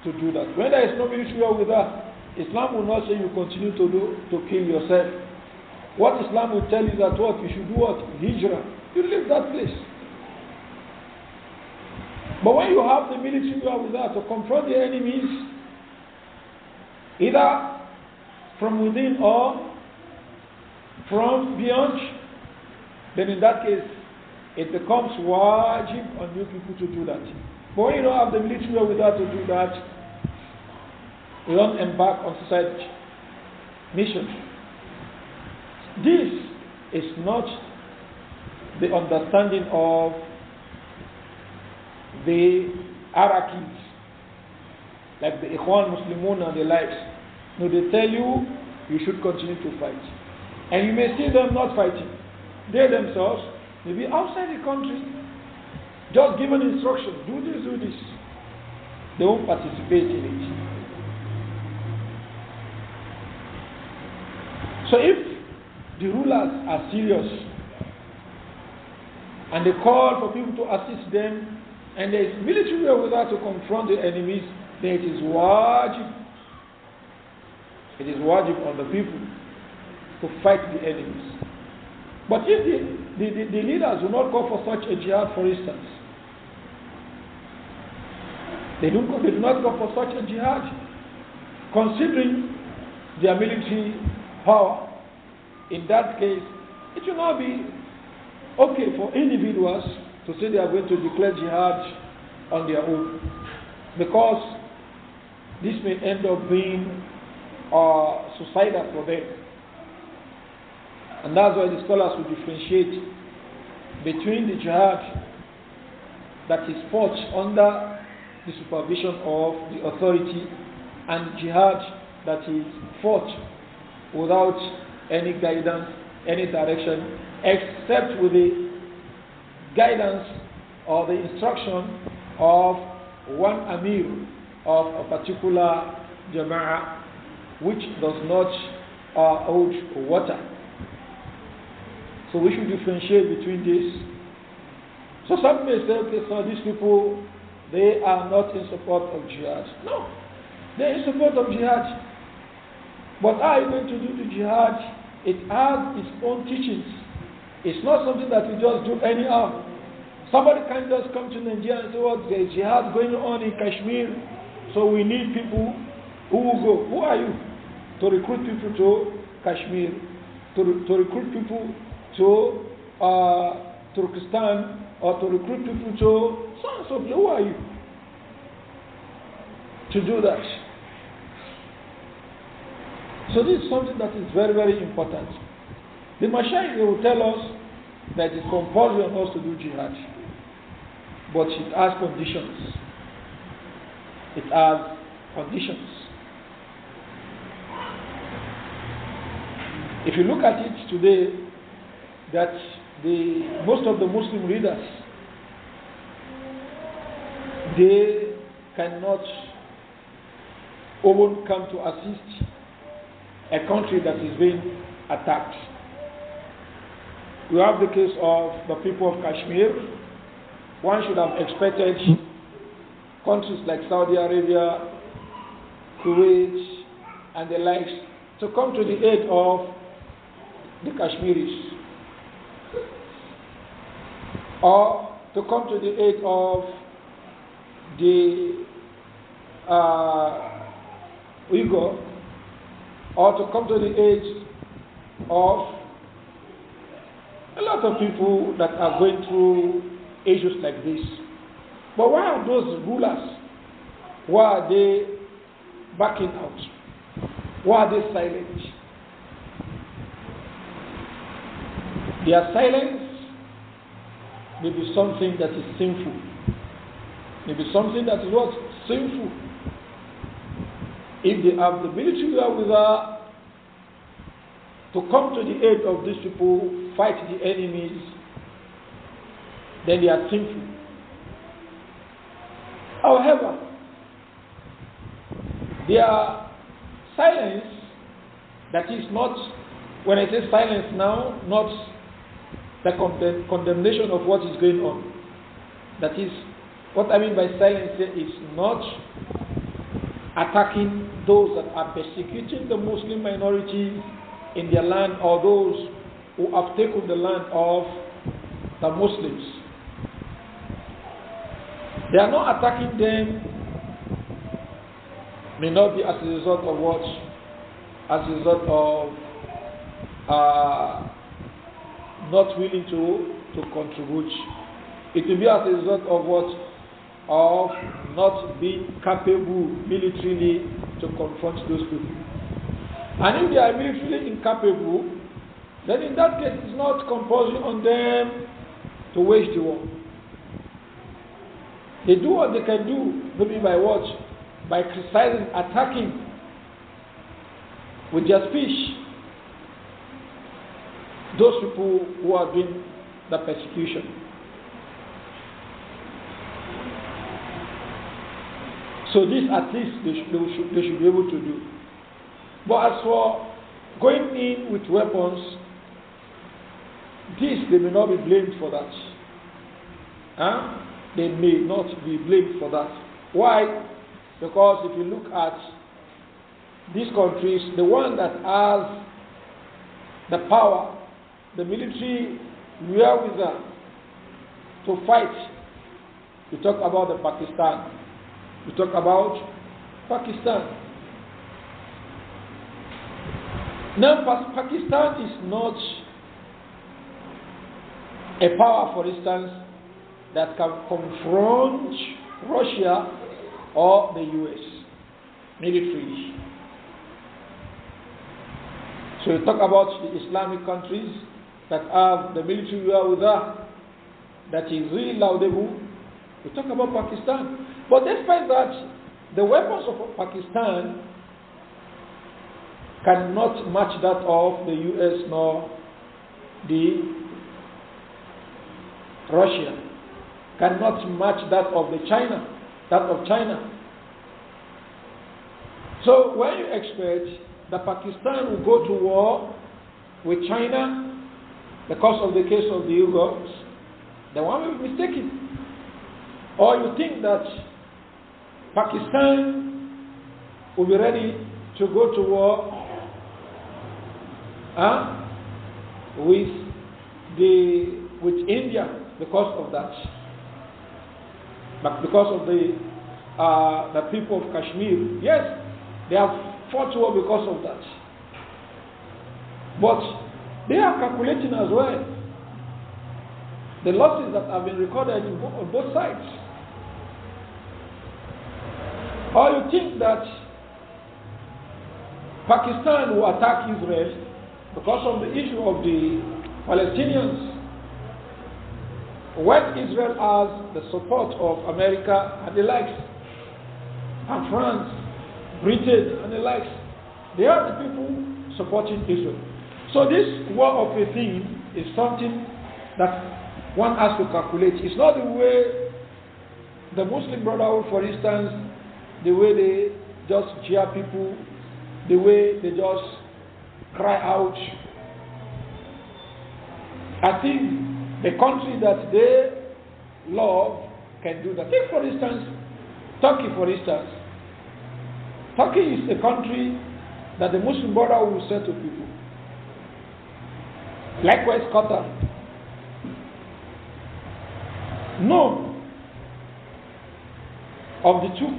to do that. When there is no military wear with her, Islam will not say you continue to do to kill yourself. What Islam will tell you that what you should do what? Hijrah. You leave that place. But when you have the military wear with her to confront the enemies, either from within or from beyond, then in that case it becomes wajib on you people to do that. But when you don't have the military without to do that, you don't embark on such mission. This is not the understanding of the Arakis, like the Ikhwan Muslimun and the likes. No, they tell you you should continue to fight. And you may see them not fighting. They themselves, Maybe outside the country, just given instruction: do this, do this. They won't participate in it. So if the rulers are serious and they call for people to assist them and there is military with us to confront the enemies, then it is wajib. It is wajib on the people to fight the enemies. But if the the, the, the leaders will not call for such a jihad, for instance. They, don't, they do not call for such a jihad, considering their military power. In that case, it will not be okay for individuals to say they are going to declare jihad on their own. Because this may end up being uh, suicidal for them. And that's why the scholars will differentiate between the jihad that is fought under the supervision of the authority and jihad that is fought without any guidance, any direction, except with the guidance or the instruction of one amir of a particular jama'ah which does not uh, hold water. So we should differentiate between this. So some may say, okay, so these people, they are not in support of jihad. No, they're in support of jihad. What are you going to do to jihad? It has its own teachings. It's not something that we just do anyhow. Somebody can just come to Nigeria and say, what, there's jihad going on in Kashmir, so we need people who will go. Who are you? To recruit people to Kashmir, to, re to recruit people to uh, Turkestan or to recruit people to so and so. Who are you to do that? So this is something that is very, very important. The Mashiach will tell us that it's compulsory on us to do jihad, but it has conditions. It has conditions. If you look at it today, that the most of the Muslim readers they cannot even come to assist a country that is being attacked. We have the case of the people of Kashmir. One should have expected countries like Saudi Arabia, Kuwait, and the likes to come to the aid of the Kashmiris or to come to the aid of the uh, Uyghur, or to come to the aid of a lot of people that are going through issues like this. But why are those rulers, why are they backing out? Why are they silent? They are silent. Maybe something that is sinful. Maybe something that is what? Sinful. If they have the military wherewithal to come to the aid of these people, fight the enemies, then they are sinful. However, their silence, that is not, when I say silence now, not the condemnation of what is going on. That is, what I mean by silence is not attacking those that are persecuting the Muslim minority in their land or those who have taken the land of the Muslims. They are not attacking them, may not be as a result of what? As a result of uh, not willing to, to contribute. It will be as a result of what? Of not being capable militarily to confront those people. And if they are militarily incapable, then in that case it's not compulsory on them to wage the war. They do what they can do, maybe by what? By criticizing, attacking with their speech those people who are doing the persecution. So this at least they should, they should, they should be able to do. But as for going in with weapons, this they may not be blamed for that. Huh? They may not be blamed for that. Why? Because if you look at these countries, the one that has the power the military wherewithal to fight. We talk about the Pakistan. We talk about Pakistan. Now, Pakistan is not a power, for instance, that can confront Russia or the US militarily. So, we talk about the Islamic countries that have the military wherewithal that is really laudable. We talk about Pakistan. But despite that, the weapons of Pakistan cannot match that of the US nor the Russia, cannot match that of the China, that of China. So when you expect that Pakistan will go to war with China because of the case of the Yugos, the one will be mistaken. Or you think that Pakistan will be ready to go to war huh, with, the, with India because of that. But because of the, uh, the people of Kashmir, yes, they have fought war because of that. But they are calculating as well the losses that have been recorded on both sides. Or you think that Pakistan will attack Israel because of the issue of the Palestinians when Israel has the support of America and the likes, and France, Britain and the likes, they are the people supporting Israel. So this war of a thing is something that one has to calculate. It's not the way the Muslim Brotherhood, for instance, the way they just jeer people, the way they just cry out. I think the country that they love can do that. Take for instance, Turkey for instance. Turkey is a country that the Muslim Brotherhood will say to people, Likewise, Qatar. None of the two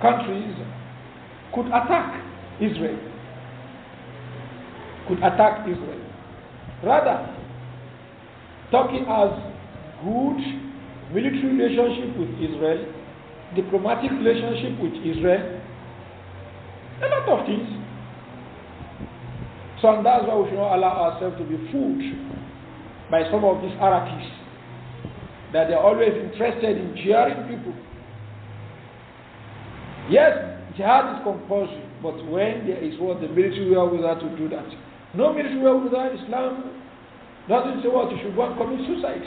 countries could attack Israel. Could attack Israel. Rather, Turkey has good military relationship with Israel, diplomatic relationship with Israel, a lot of things. So and that's why we should not allow ourselves to be fooled by some of these Arabs that they're always interested in jeering people. Yes, jihad is compulsory, but when there is what the military wherewithal to do that. No military wherewithal, Islam doesn't say what you should go and commit suicide.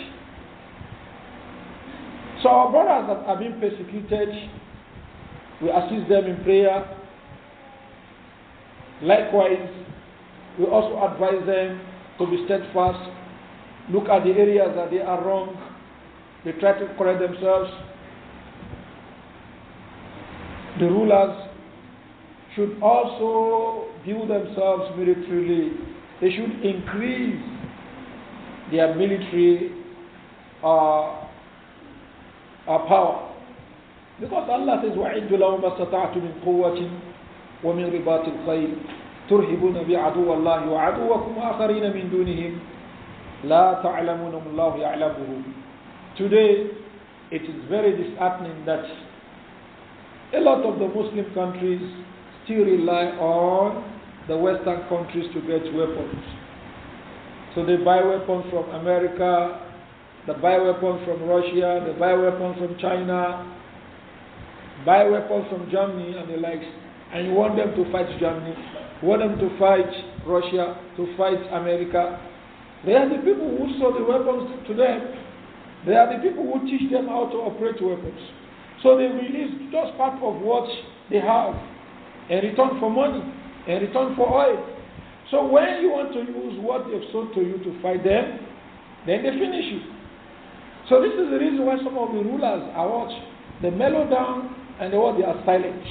So our brothers that are being persecuted, we assist them in prayer. Likewise, we also advise them to be steadfast, look at the areas that they are wrong, they try to correct themselves. The rulers should also view themselves militarily. They should increase their military uh, uh power. Because Allah says, وَعِدُّ لَهُمَا اسْتَطَعْتُ مِنْ قُوَّةٍ وَمِنْ رِبَاطِ الْخَيْرِ ترهبون بعدو الله وعدوكم آخرين من دونهم لا الله Today it is very disheartening that a lot of the Muslim countries still rely on the Western countries to get weapons. So they buy weapons from America, they buy weapons from Russia, they buy weapons from China, buy weapons from Germany and the likes and you want them to fight Germany, you want them to fight Russia, to fight America. They are the people who sell the weapons to them. They are the people who teach them how to operate weapons. So they release just part of what they have in return for money, in return for oil. So when you want to use what they've sold to you to fight them, then they finish you. So this is the reason why some of the rulers are what? They mellow down and they are silent.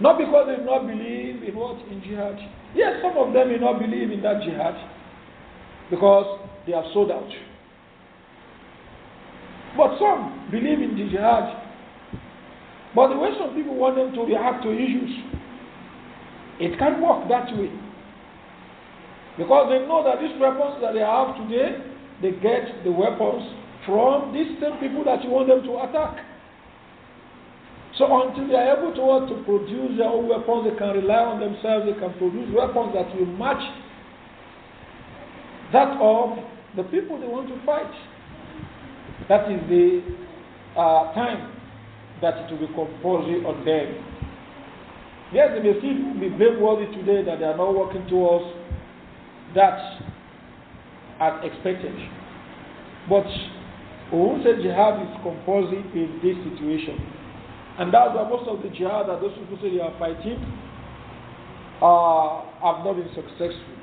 Not because they do not believe in what? In jihad. Yes, some of them may not believe in that jihad because they have sold out. But some believe in the jihad. But the way some people want them to react to issues, it can not work that way. Because they know that these weapons that they have today, they get the weapons from these same people that you want them to attack. So until they are able to, to produce their own weapons, they can rely on themselves, they can produce weapons that will match that of the people they want to fight. That is the uh, time that it will be compulsory on them. Yes, they may still be blameworthy today that they are not working towards that as expected. But who said jihad is compulsory in this situation? And that's why most of the jihad that those people say they are fighting uh, have not been successful.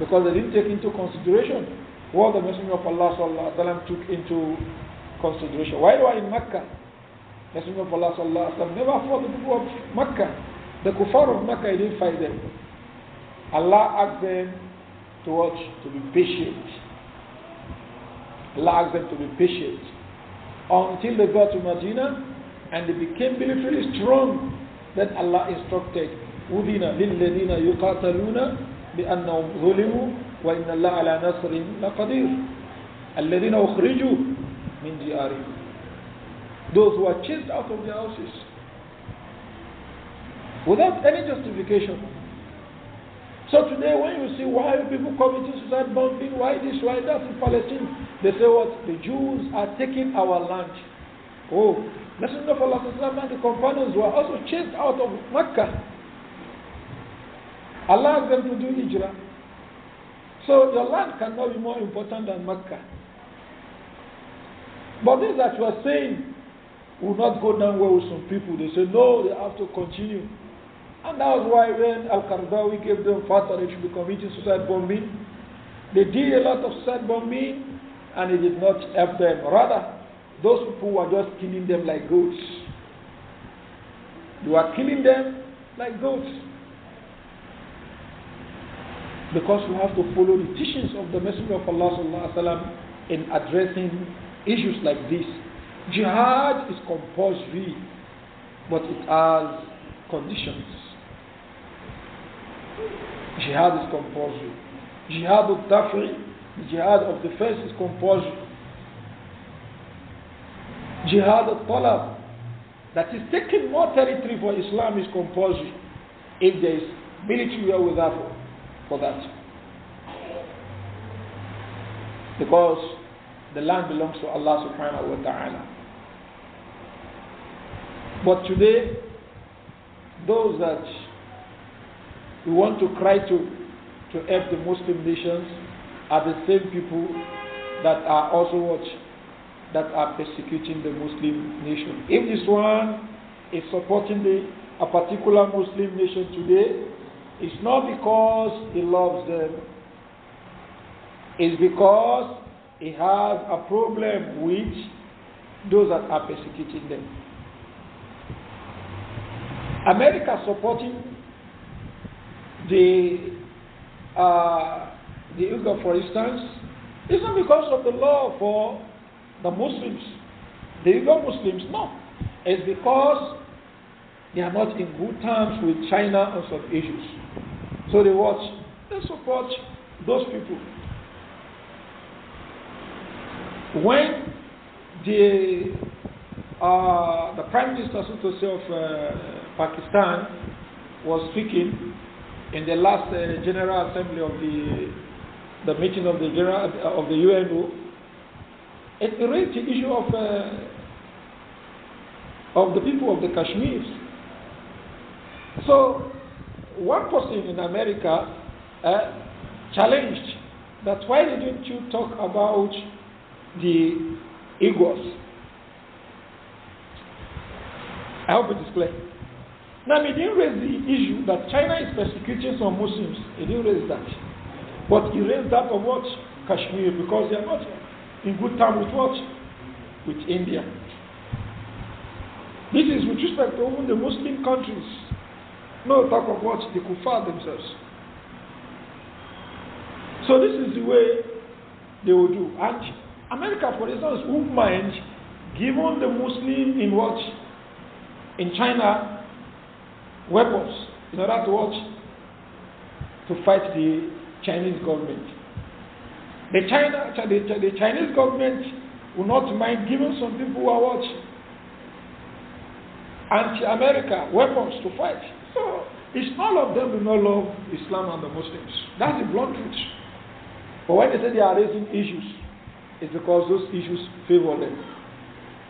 Because they didn't take into consideration what the Messenger of Allah وسلم, took into consideration. Why do I in Mecca? Messenger of Allah وسلم, never fought the people of Mecca. The kuffar of Mecca, he didn't fight them. Allah asked them to watch, to be patient. Allah asked them to be patient until they got to Medina and they became militarily strong. Then Allah instructed, أذن للذين يقاتلون بأنهم ظلموا وإن الله على نصرهم لقدير الذين أخرجوا من those who are chased out of their houses without any justification. So today, when you see why people committing suicide bombing, why this, why that in Palestine, they say what the Jews are taking our land. Oh, Messenger of Allah and the companions were also chased out of Mecca. Allah asked them to do hijrah. So your land cannot be more important than Mecca. But this that you are saying will not go down well with some people. They say, no, they have to continue. And that was why when Al-Qardawi gave them fatwa they should be committing suicide bombing, they did a lot of suicide bombing and it did not help them. Rather, those people were just killing them like goats. You are killing them like goats. Because we have to follow the teachings of the Messenger of Allah وسلم, in addressing issues like this. Jihad is compulsory, but it has conditions. Jihad is compulsory. Jihad of Tafri, the jihad of defense is compulsory jihad al-talab, that is taking more territory for Islam is compulsory if there is military with for, for that. Because the land belongs to Allah subhanahu wa ta'ala. But today, those that we want to cry to to help the Muslim nations are the same people that are also watching that are persecuting the Muslim nation. If this one is supporting the, a particular Muslim nation today, it's not because he loves them. It's because he has a problem with those that are persecuting them. America supporting the uh, the Uyghur, for instance, it's not because of the law for the Muslims. the were Muslims. No. It's because they are not in good terms with China on some issues. So they watch. They support those people. When the uh, the Prime Minister so to say, of uh, Pakistan was speaking in the last uh, General Assembly of the the meeting of the General of the UNO it raised the issue of, uh, of the people of the Kashmiris. So, one person in America uh, challenged that why didn't you talk about the Igors? I hope it is clear. Now, he didn't raise the issue that China is persecuting some Muslims. He didn't raise that. But he raised that of what? Kashmir, because they are not in good time with what? With India. This is with respect to even the Muslim countries. No talk of what? The kuffar themselves. So this is the way they will do. And America, for instance, won't mind giving the Muslim in what? In China, weapons in order to what? To fight the Chinese government. The China, the, the Chinese government will not mind giving some people who are what? Anti-America weapons to fight. So it's all of them do not love Islam and the Muslims. That's the blunt truth. But when they say they are raising issues, it's because those issues favor them.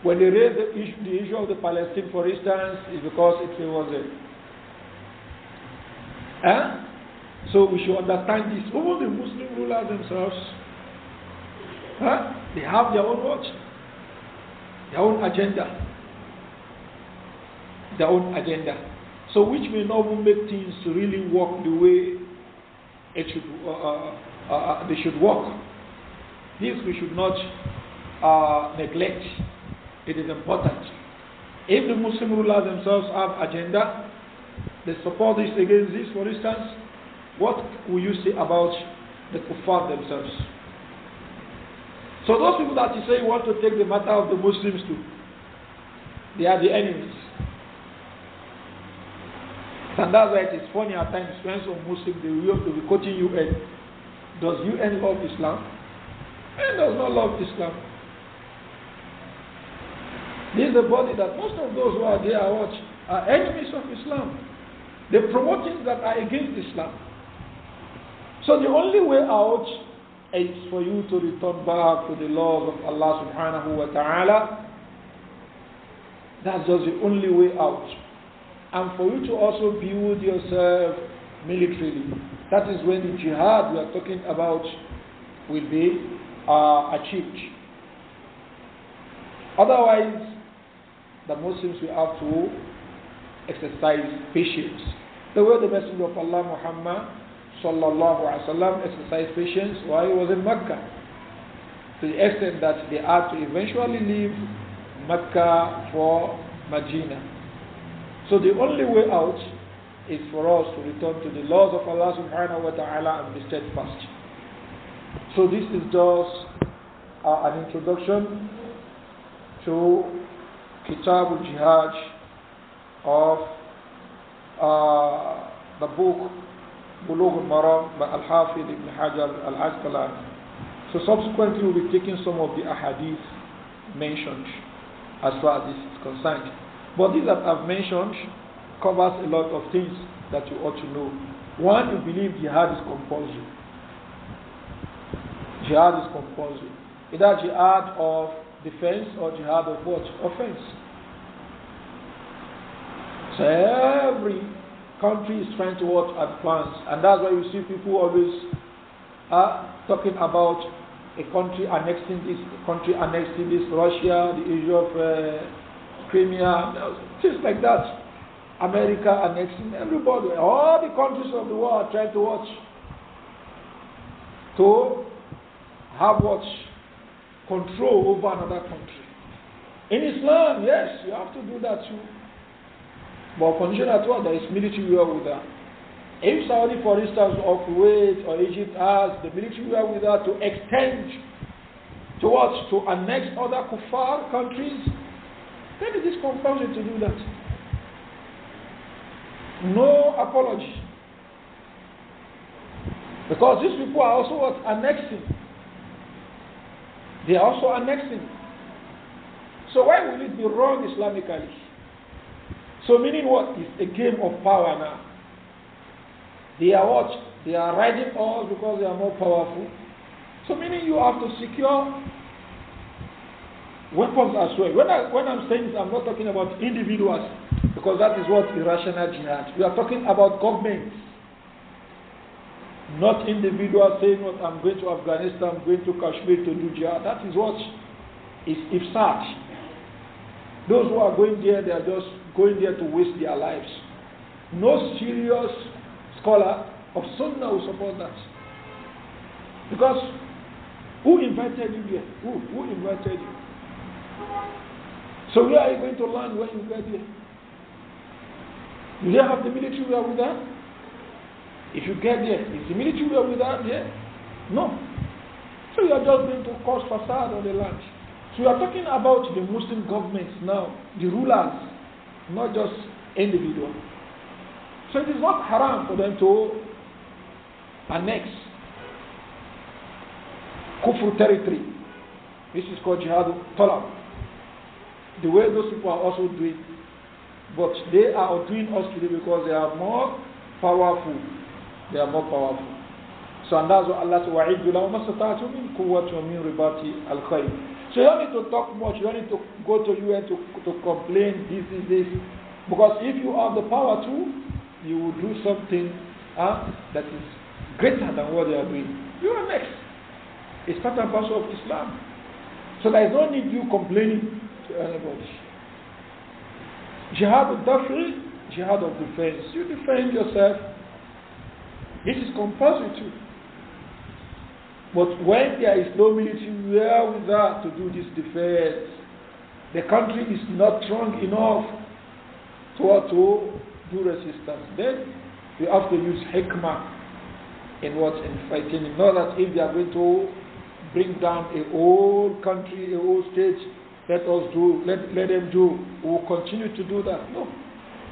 When they raise the issue, the issue of the Palestine, for instance, it's because it favors them. Eh? So we should understand this. Even the Muslim rulers themselves Huh? They have their own watch, Their own agenda. Their own agenda. So which may not make things to really work the way it should, uh, uh, uh, uh, they should work. This we should not uh, neglect. It is important. If the Muslim rulers themselves have agenda, they support this against this, for instance, what will you say about the kuffar themselves? So those people that you say want to take the matter of the Muslims to, they are the enemies. And that's why it is funny at times when some Muslims they will to be quoting UN. Does UN love Islam? UN does not love Islam. This is the body that most of those who are there are Are enemies of Islam. They promote things that are against Islam. So the only way out it's for you to return back to the laws of Allah subhanahu wa ta'ala. That's just the only way out. And for you to also build yourself militarily. That is when the jihad we are talking about will be uh, achieved. Otherwise, the Muslims will have to exercise patience. The way the Messenger of Allah Muhammad sallallahu alaihi wasallam exercised patience while he was in Mecca to the extent that they had to eventually leave Mecca for Medina. So the only way out is for us to return to the laws of Allah subhanahu wa ta'ala and be steadfast. So this is just uh, an introduction to Kitab al-Jihad of uh, the book Bulugh al-Maram by al ibn Hajar al-Asqalani. So subsequently we'll be taking some of the ahadith mentioned as far as this is concerned. But this that I've mentioned covers a lot of things that you ought to know. One, you believe jihad is compulsory. Jihad is compulsory. Either jihad of defense or jihad of what? Offense. So every country is trying to at advance, and that's why you see people always are talking about a country annexing this, country annexing this, Russia, the issue of uh, Crimea, things like that. America annexing everybody, all the countries of the world are trying to watch to have what control over another country. In Islam, yes, you have to do that too. But condition at what? There is military war with her. If Saudi, for instance, or Kuwait or Egypt has the military war with her to extend towards to annex other kuffar countries, then it is you to do that. No apology. Because these people are also what? Annexing. They are also annexing. So why will it be wrong Islamically? So meaning what? It's a game of power now. They are what? They are riding all because they are more powerful. So meaning you have to secure weapons as well. When, I, when I'm saying this, I'm not talking about individuals because that is what irrational jihad. We are talking about governments. Not individuals saying what I'm going to Afghanistan, I'm going to Kashmir to do jihad. That is what is such. Those who are going there, they are just going there to waste their lives. No serious scholar of Sunnah will support that. Because who invited you here? Who? Who invited you? So where are you going to land when you get there? Do they have the military we with that? If you get there, is the military we with that there? No. So you are just going to cause facade on the land. So you are talking about the Muslim governments now, the rulers not just individual. So it is not haram for them to annex Kufr territory. This is called jihad talab. The way those people are also doing. But they are doing us today because they are more powerful. They are more powerful. So and that's what Allah says, وَعِدُّ لَهُمَ سَتَعْتُ مِنْ قُوَّةٍ وَمِنْ الْخَيْرِ so you don't need to talk much. You don't need to go to UN to, to complain this, this, this. Because if you have the power to, you will do something huh, that is greater than what they are doing. You are next. It's part and parcel of Islam. So there is no need you complaining to anybody. Jihad of Dafri, jihad of defense. You defend yourself. This is compulsory too. But when there is no military wherewithal to do this defense, the country is not strong enough to, to do resistance. Then we have to use hikmah in what in fighting. In order that if they are going to bring down a whole country, a whole state, let us do, let, let them do. We will continue to do that. No.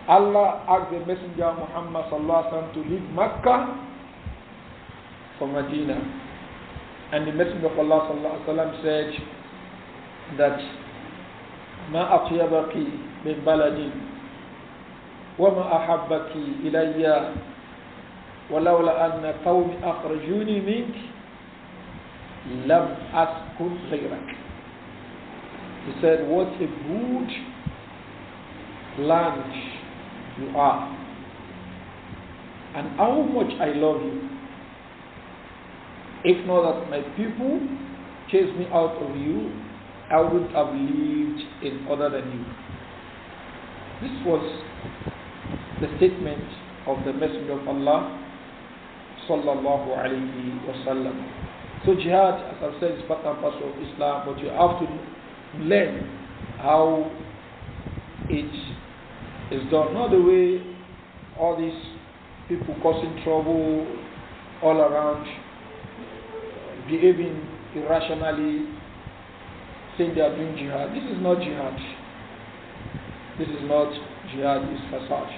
Allah asked the Messenger Muhammad sallallahu to leave Mecca for Medina. And the Messenger of Allah وسلم, said that ما أطيبك من بلد وما أحبك إلي ولولا أن قوم أخرجوني منك لم أسكن غيرك He said, what a good land you are and how much I love you. If not that my people chased me out of you, I would have lived in other than you. This was the statement of the Messenger of Allah sallallahu alayhi wasallam. So jihad, as I've said, is part and parcel of Islam, but you have to learn how it is done. Not the way all these people causing trouble all around behaving irrationally, saying they are doing jihad. This is not jihad. This is not jihad, it's facade.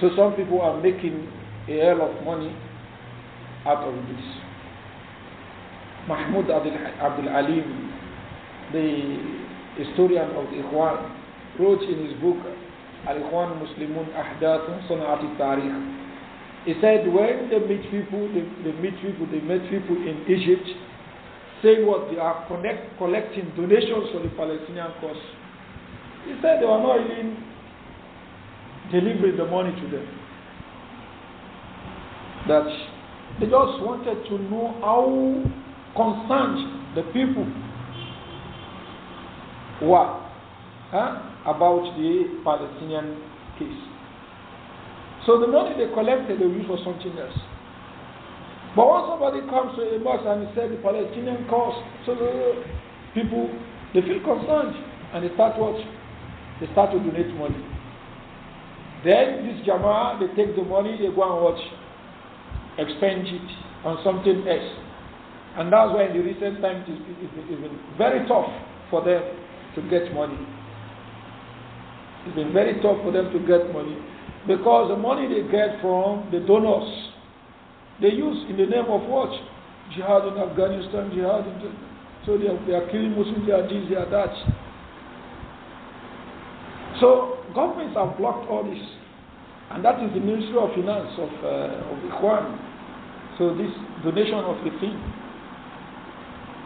So some people are making a hell of money out of this. Mahmoud Abdul Alim, the historian of the Ikhwan, wrote in his book Al-Ikhwan Muslimun Ahdathun Sana'at Tariq he said, when they meet people, they, they meet people, they met people in Egypt, saying what they are connect, collecting donations for the Palestinian cause. He said they were not even delivering the money to them. That they just wanted to know how concerned the people were huh, about the Palestinian case. So the money they collected, they use for something else. But when somebody comes to a mosque and he said the Palestinian cause, so the people they feel concerned and they start what? They start to donate money. Then this Jama'ah, they take the money, they go and watch, expend it on something else. And that's why in the recent times it's been very tough for them to get money. It's been very tough for them to get money. Because the money they get from the donors, they use in the name of what? Jihad in Afghanistan, jihad in. So they are, they are killing Muslims, they are this, they are that. So governments have blocked all this. And that is the Ministry of Finance of, uh, of So this donation of the thing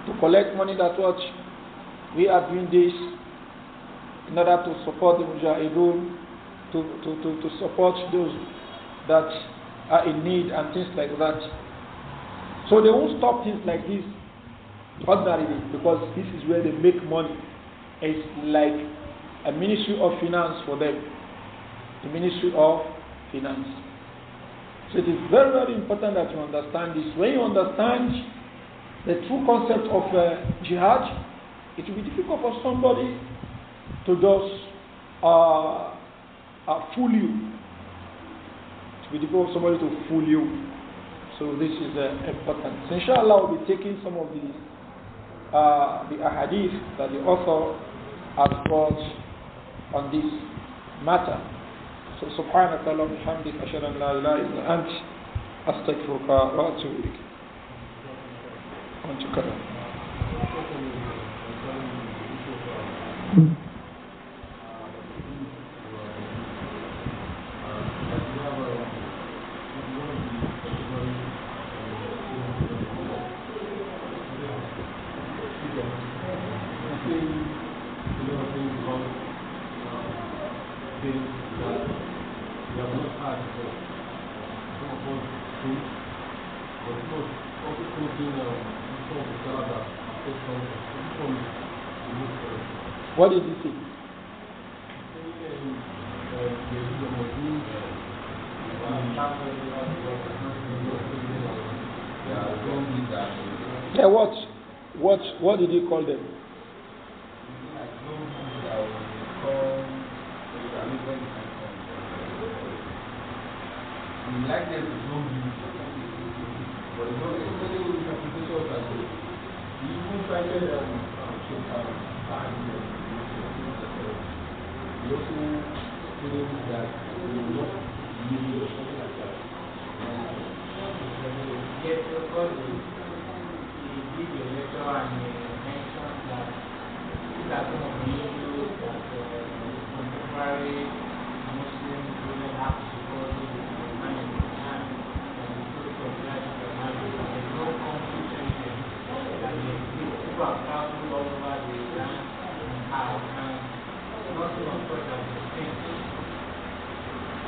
to collect money that what we are doing this in order to support the Mujahideen to, to, to, to support those that are in need and things like that. So they won't stop things like this ordinarily because this is where they make money. It's like a ministry of finance for them. The ministry of finance. So it is very, very important that you understand this. When you understand the true concept of uh, jihad, it will be difficult for somebody to just uh, uh, fool you. To be difficult for somebody to fool you. So this is uh, important. So inshallah we'll be taking some of the uh, the ahadith that the author has brought on this matter. So subhanaka alhamdulillah, bihamdik ashhadu an la ilaha illa ant astaghfiruka wa atubu ilaik. Thank you.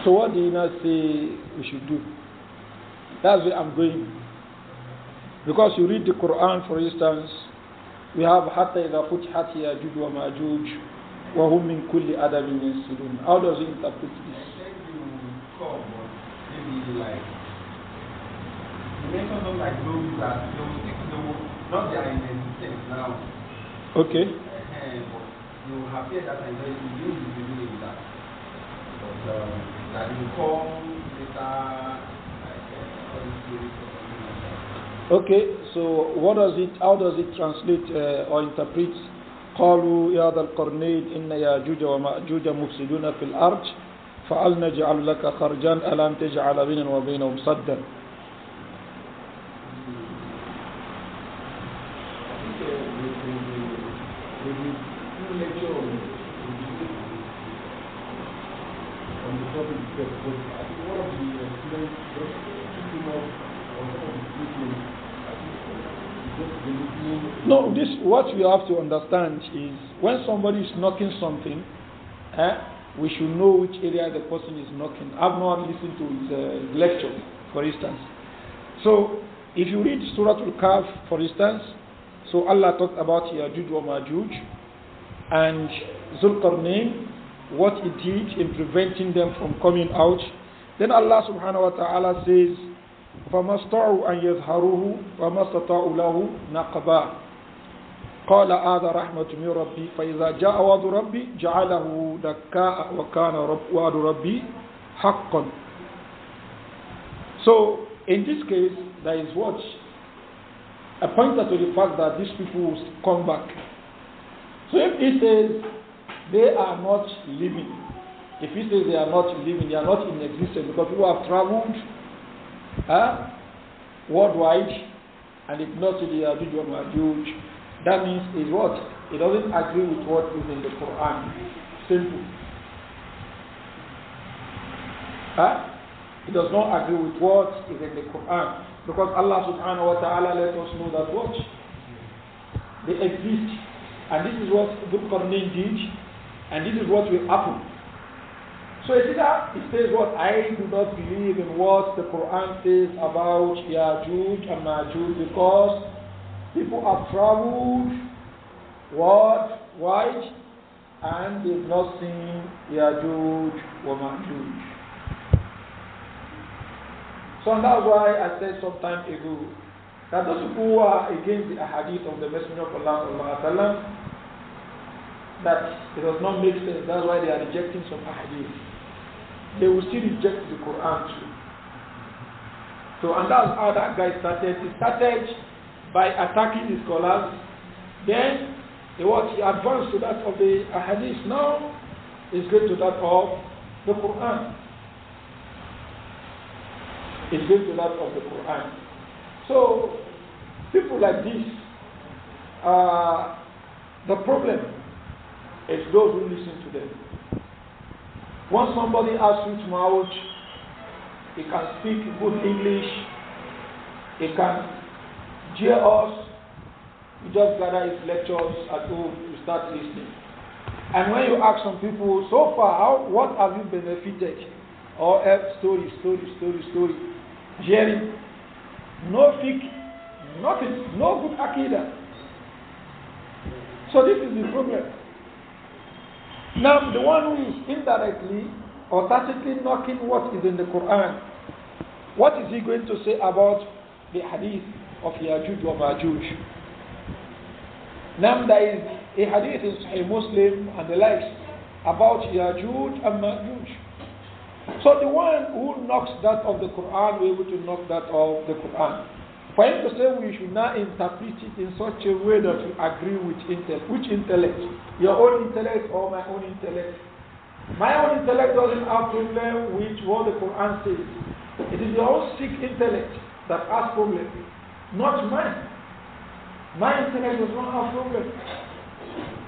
So what did he not say we should do? That's where I'm going. Because you read the Quran, for instance, we have hatta إذا فتحت يأجوج ومأجوج وهم من كل أدب ينسلون. How does he interpret this? Okay. you have said that I know you use the belief that. But um, that you come later, like, uh, Okay, so what does it, how does it translate uh, or interpret قالوا يا ذا القرنين إن يا ياجوج ومأجوج مفسدون في الأرض فألنا جعل لك خرجا ألم تجعل بيننا وبينهم صدا what we have to understand is when somebody is knocking something, eh, we should know which area the person is knocking. I've not listened to his uh, lecture, for instance. So, if you read Surah Al-Kahf, for instance, so Allah talked about Yajuj wa Majuj and Zulqarnain, what he did in preventing them from coming out. Then Allah subhanahu wa ta'ala says, فَمَا اسْتَعُوا أَن يَظْهَرُوهُ وَمَا اسْتَطَعُوا لَهُ نَقْبًا قال هذا رحمة من ربي فإذا جاء وعد ربي جعله دكاء وكان رب وعد ربي حقا So in this case there is what a pointer to the fact that these people will come back. So if he says they are not living, if he says they are not living, they are not in existence because people have traveled huh, worldwide and if not they are doing what that means is what? It doesn't agree with what is in the Quran. Simple. Huh? It does not agree with what is in the Quran. Because Allah subhanahu wa ta'ala let us know that what? They exist. And this is what the Quran did. And this is what will happen. So it says what I do not believe in what the Quran says about Ya'juj and Ma'juj because People have traveled world and they've not seen Yajuj or Majuj. So that's why I said some time ago that those who are against the hadith of the Messenger of Allah that it does not make sense. That's why they are rejecting some hadith. They will still reject the Quran too. So and that's how that guy started. He started by attacking the scholars, then what he advanced to that of the Ahadith. now is going to that of the Quran. It's going to that of the Quran. So people like this, uh, the problem is those who listen to them. Once somebody asks you to marriage, he can speak good English, he can jeer us, you just gather his lectures at home, you start listening. And when you ask some people, so far, how, what have you benefited? Or help story, story, story, story. Jeering. No fic, nothing, no good akida. So this is the problem. Now, the one who is indirectly or tacitly knocking what is in the Quran, what is he going to say about the hadith of Yajuj wa Majuj. Now there is a hadith in a Muslim and the likes about Yajuj and Majuj. So the one who knocks that of the Quran will be able to knock that of the Quran. For him to say we should not interpret it in such a way that we agree with intellect. Which intellect? Your own intellect or my own intellect? My own intellect doesn't have to learn which what the Quran says. It is your own sick intellect that has problems not mine. My intellect was not our problem.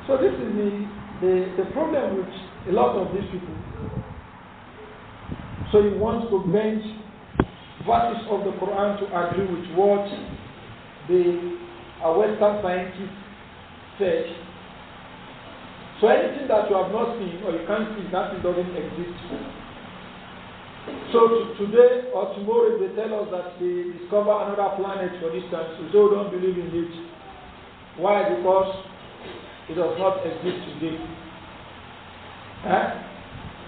So this is the, the, the problem with a lot of these people. So he wants to bend verses of the Quran to agree with what the a Western scientist said. So anything that you have not seen or you can't see, that doesn't exist. So to today or tomorrow, if they tell us that they discover another planet, for instance, we still don't believe in it. Why? Because it does not exist today. Eh?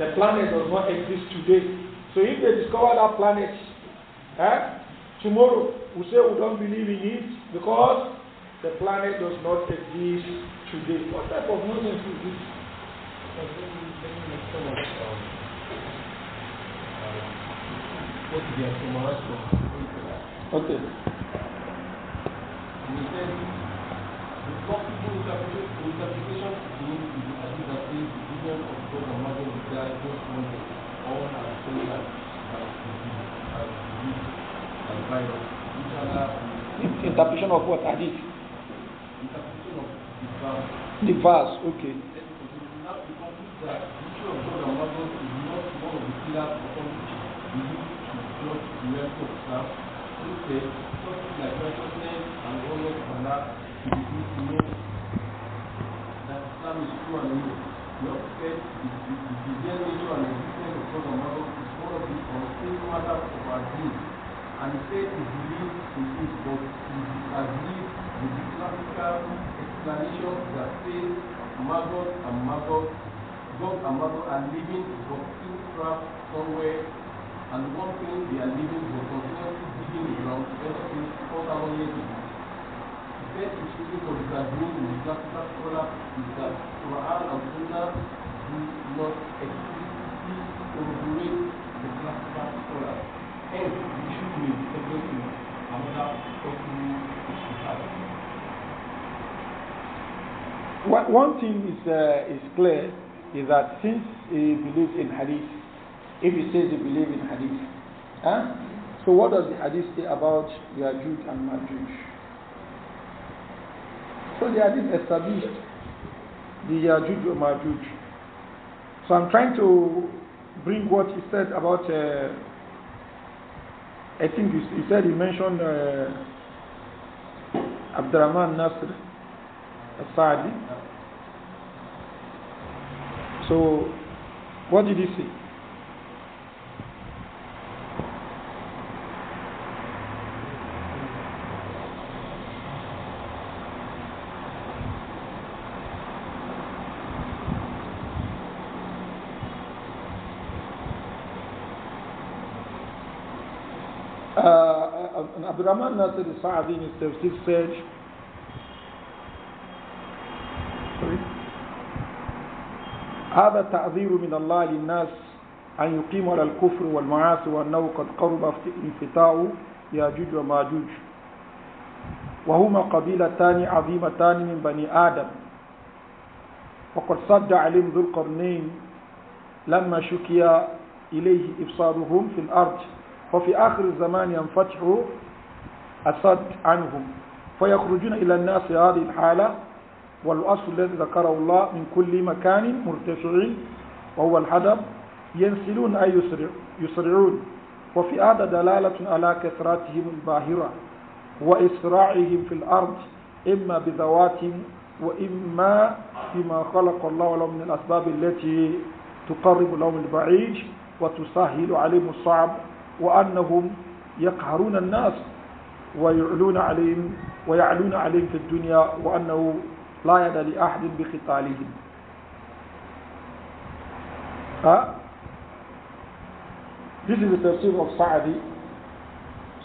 The planet does not exist today. So if they discover that planet, eh, tomorrow we say we don't believe in it because the planet does not exist today. What type of nonsense is this? Okay. Interpretation of what? Hadith? Interpretation of the verse. The verse, okay. That the issue of God and what God is not one of the pillars upon which we close to level of staff, who say something like righteousness and honor of Allah to be that Islam is true and real. We are prepared to the real existence of God and Allah is of the unstable matters of our deen. And he said he believes in it, but he disagrees with the explanation that says maggots and maggots, God and maggots are living in some trap somewhere and what means they are living for continuously digging the ground to benefit from The best utility for the Tajmin in the classical scholar is that Quran and Sunnah do not explicitly corroborate the classical scholar. Hence, the issue may be subject to another possible issue. One thing is, uh, is clear is that since he believes in hadith if he says he believes in hadith. Huh? So what does the hadith say about Yajuj and Majuj? So the hadith established the Yajuj and Majuj. So I'm trying to bring what he said about, uh, I think he said he mentioned uh, Abdurrahman Nasr Asadi. So what did he say? Abdurrahman Nasir Sa'adi in his هذا تعذير من الله للناس أن يقيم على الكفر والمعاصي وأنه قد قرب انفتاء ياجوج وماجوج وهما قبيلتان عظيمتان من بني آدم وقد صد عليهم ذو القرنين لما شكي إليه إبصارهم في الأرض وفي آخر الزمان ينفتح الصد عنهم فيخرجون إلى الناس في هذه الحالة والأصل الذي ذكره الله من كل مكان مرتفع وهو الحدب ينسلون أي يسرع يسرعون وفي هذا دلالة على كثرتهم الباهرة وإسراعهم في الأرض إما بذوات وإما بما خلق الله لهم من الأسباب التي تقرب لهم البعيد وتسهل عليهم الصعب وأنهم يقهرون الناس ويعلون عليهم ويعلون عليهم في الدنيا وأنه لا يدى لأحد بِخِطَالِهِمْ. ها This is the tafsir of Sa'adi.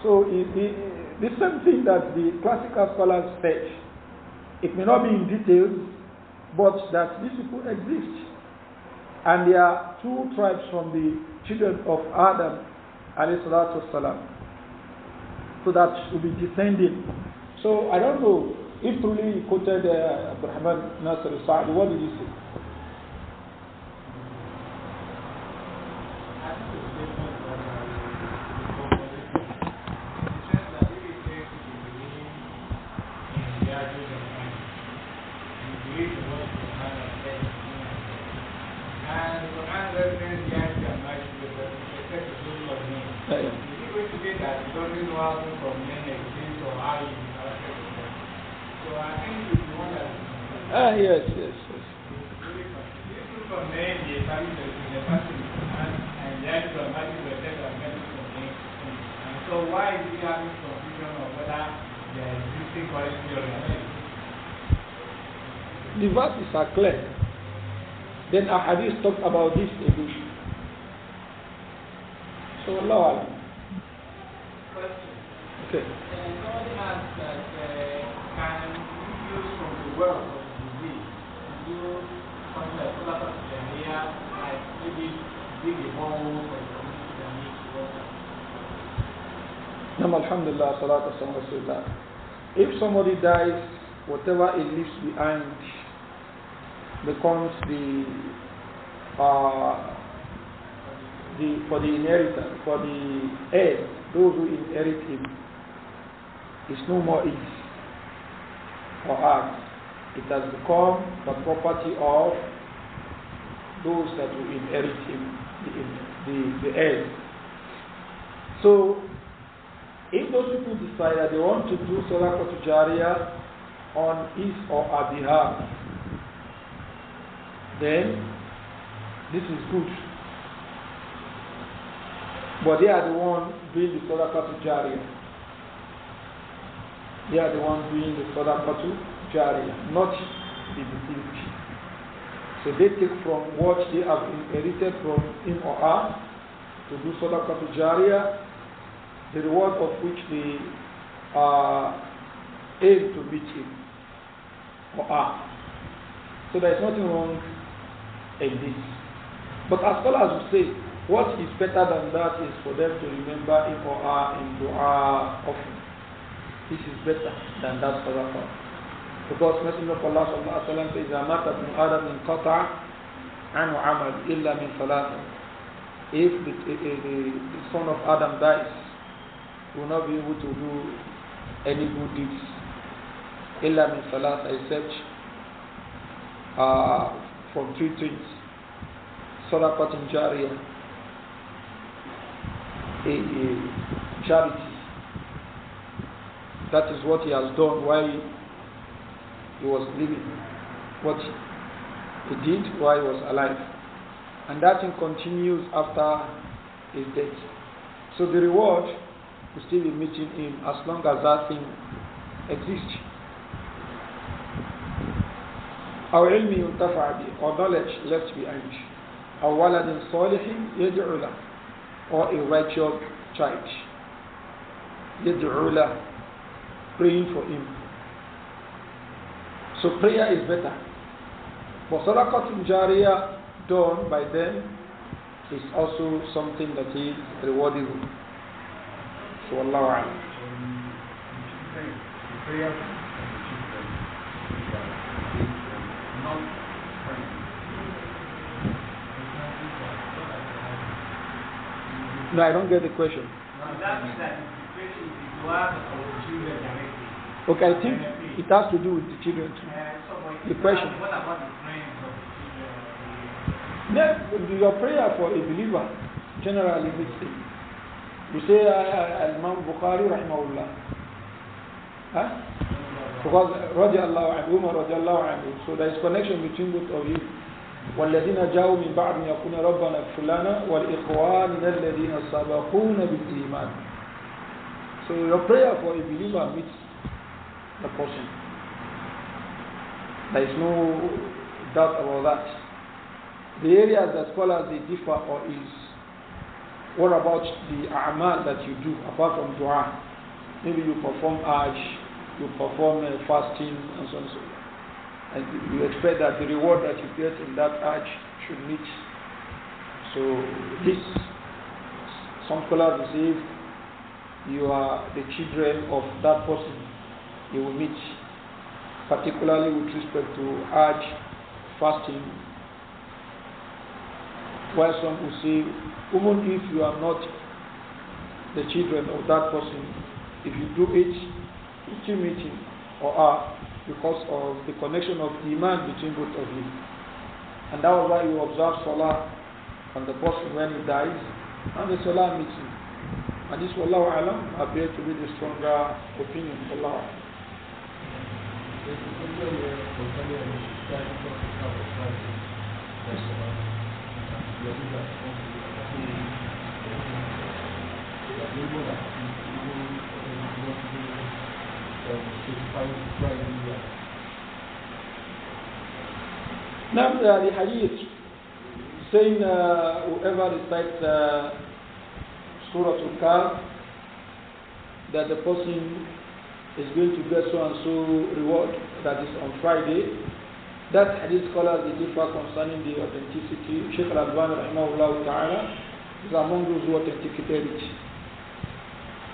So it, it, this same thing that the classical scholars fetch. It may not be in details, but that these people exist. And there are two tribes from the children of Adam, alayhi salatu wasalam so that will be descending. So I don't know if truly quoted uh, Abdurrahman Nasir side. what did he say? Then our talked about this a So Allah Alam. Okay. Uh, somebody asked that uh, can you use from the world of the disease do something like solar Tanzania, like maybe dig a hole for the community that needs water? Nam alhamdulillah, salatu If somebody dies, whatever it leaves behind becomes the uh, the for the inheritor for the heir those who inherit him is no more his or ours. It has become the property of those that will inherit him, the, the, the heirs. So, if those people decide that they want to do solar Tujariya on his or her behalf, then this is good. But they are the one doing the solar to Jaria. They are the one doing the solar to Jaria, not the deceived. So they take from what they have inherited from him or her to do solar to Jaria, the reward of which they uh, aim to beat him or her. So there is nothing wrong and this. But as far as we say, what is better than that is for them to remember in or in dua often. This is better than that for them, Because Messenger of Allah sallallahu alaihi wasallam says, "Amat ibn Adam in qata an amal illa min salata." If the, the, the son of Adam dies, he will not be able to do any good deeds. Illa min salata, except uh, from three things. Sadaqatun Jariyah, a charity. That is what he has done while he was living. What he did while he was alive. And that thing continues after his death. So the reward will still be meeting him as long as that thing exists. أو علم ينتفع به or knowledge left behind أو ولد صالح يدعو له or a righteous child يدعو له praying for him so prayer is better but sadaqatun jaria done by them is also something that is rewarding so Allah um, prayer No, I don't get the question. Okay, I think it has to do with the children the question. What about the prayers of the your prayer for a believer generally is you say uh, uh Imam Bukhari rahmahullah. Huh? Because uh, radiallahu anhu, Umar radiallahu anhu. So there is connection between both of you. والذين جاءوا من بعد يقولون ربنا اغفر لنا والإخواننا الذين سبقونا بالإيمان So your prayer for a believer meets the person. There is no doubt about that. The areas that scholars they differ or is what about the amal that you do apart from dua? Maybe you perform hajj, you perform uh, fasting and so on and so and you expect that the reward that you get in that Hajj should meet. So this, some scholars believe you are the children of that person. You will meet, particularly with respect to Hajj, fasting. While some will say, even if you are not the children of that person, if you do it, you still meet him or are because of the connection of iman between both of you. And that was why you observe salah on the person when he dies, and the salah meets And this, wallahu alam, appear to be the stronger opinion. Allah. Now uh, the hadith saying uh, whoever recites uh, Surah Al-Kahf that the person is going to get so and so reward that is on Friday. That hadith scholars they differ concerning the authenticity. Sheikh Al-Albani rahimahullah ta'ala is among those who authenticated it.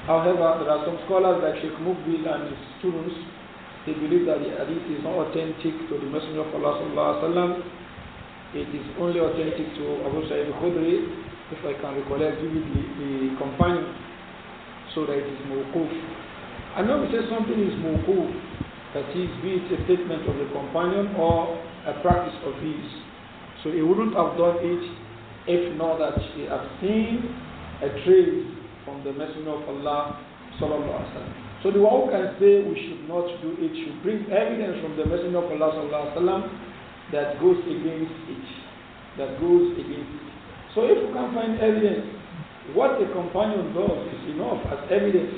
However, there are some scholars like Sheikh Mukbil and his students, they believe that the hadith is not authentic to the Messenger of Allah sallallahu alaihi wasallam. It is only authentic to Abu Sa'id al-Khudri, if I can recollect vividly, the companion, so that it is mawquf. And know we say something is mawquf, that is, be it a statement of the companion or a practice of his. So he wouldn't have done it if not that he had seen a trace from the Messenger of Allah. So the one who can say we should not do it should bring evidence from the Messenger of Allah that goes against it. That goes against it. So if you can find evidence, what the companion does is enough as evidence.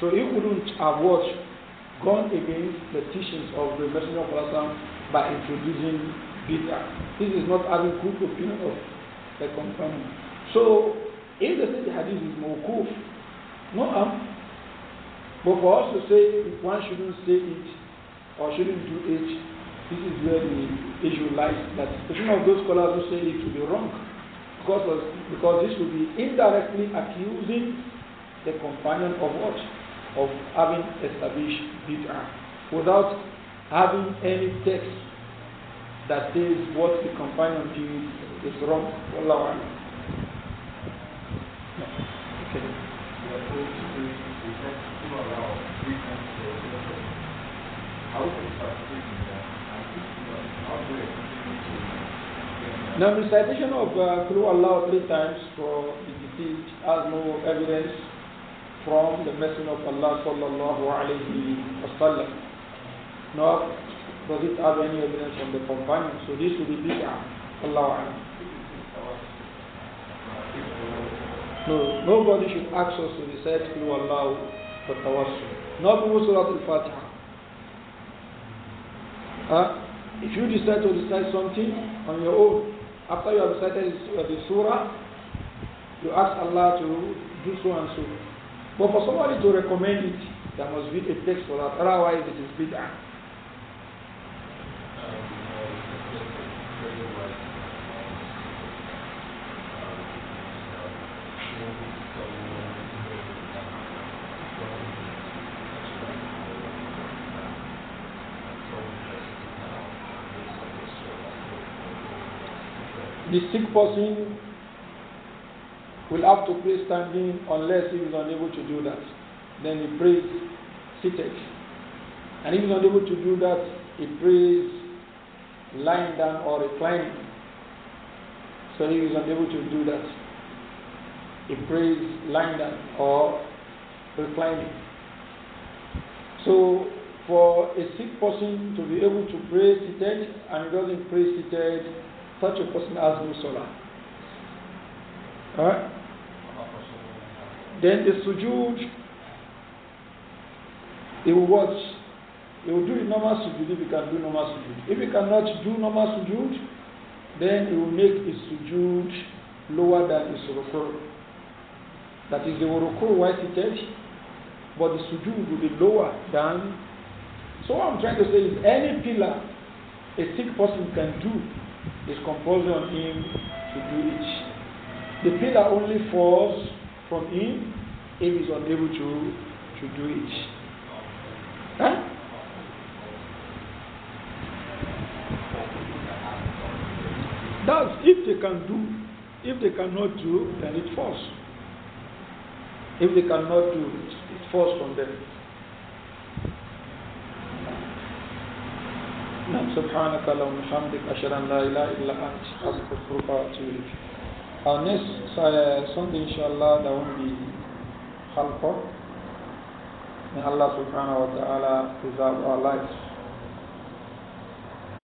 So you couldn't have what gone against the teachings of the Messenger of Allah by introducing bid'ah. This is not having good opinion of the companion. So if the hadith is mawkuf, no harm. But for us to say one shouldn't say it or shouldn't do it, this is where the issue lies. That some of those scholars who say it to be wrong, because, of, because this would be indirectly accusing the companion of what? Of having established bid'ah without having any text that says what the companion did is wrong. Allah. Now, the citation of uh, Allah three times for the deceased has no evidence from the Messenger of Allah sallallahu alayhi wasallam. Nor does it have any evidence from the companion. So this will be bid'ah. Allah No, nobody should ask us to recite Qul Allah for tawassul. Not even Surah Al-Fatiha. Huh? If you decide to recite something on your own, after you have recited uh, the surah, you ask Allah to do so and so. But for somebody to recommend it, there must be a text for that. Otherwise, it is bid'ah. the sick person will have to pray standing unless he is unable to do that. Then he prays seated. And if he is unable to do that, he prays lying down or reclining. So he is unable to do that. He prays lying down or reclining. So for a sick person to be able to pray seated and doesn't pray seated, such a person has no salah. Then the sujood, he will watch. He will do the normal sujood if he can do normal sujood. If he cannot do normal sujood, then he will make his sujood lower than his rukur. That is the rukur white seated, but the sujood will be lower than. So what I'm trying to say is any pillar a sick person can do it's compulsory on him to do it. The pillar only falls from him if he's unable to, to do it. Huh? That's if they can do. If they cannot do, then it falls. If they cannot do, it, it falls from them. نعم، سبحانك اللهم وبحمدك أشهد أن لا إله إلا أنت أستغفرك وأتوب إليك أنس سأ إن شاء الله دوم بي خلقه من الله سبحانه وتعالى في الله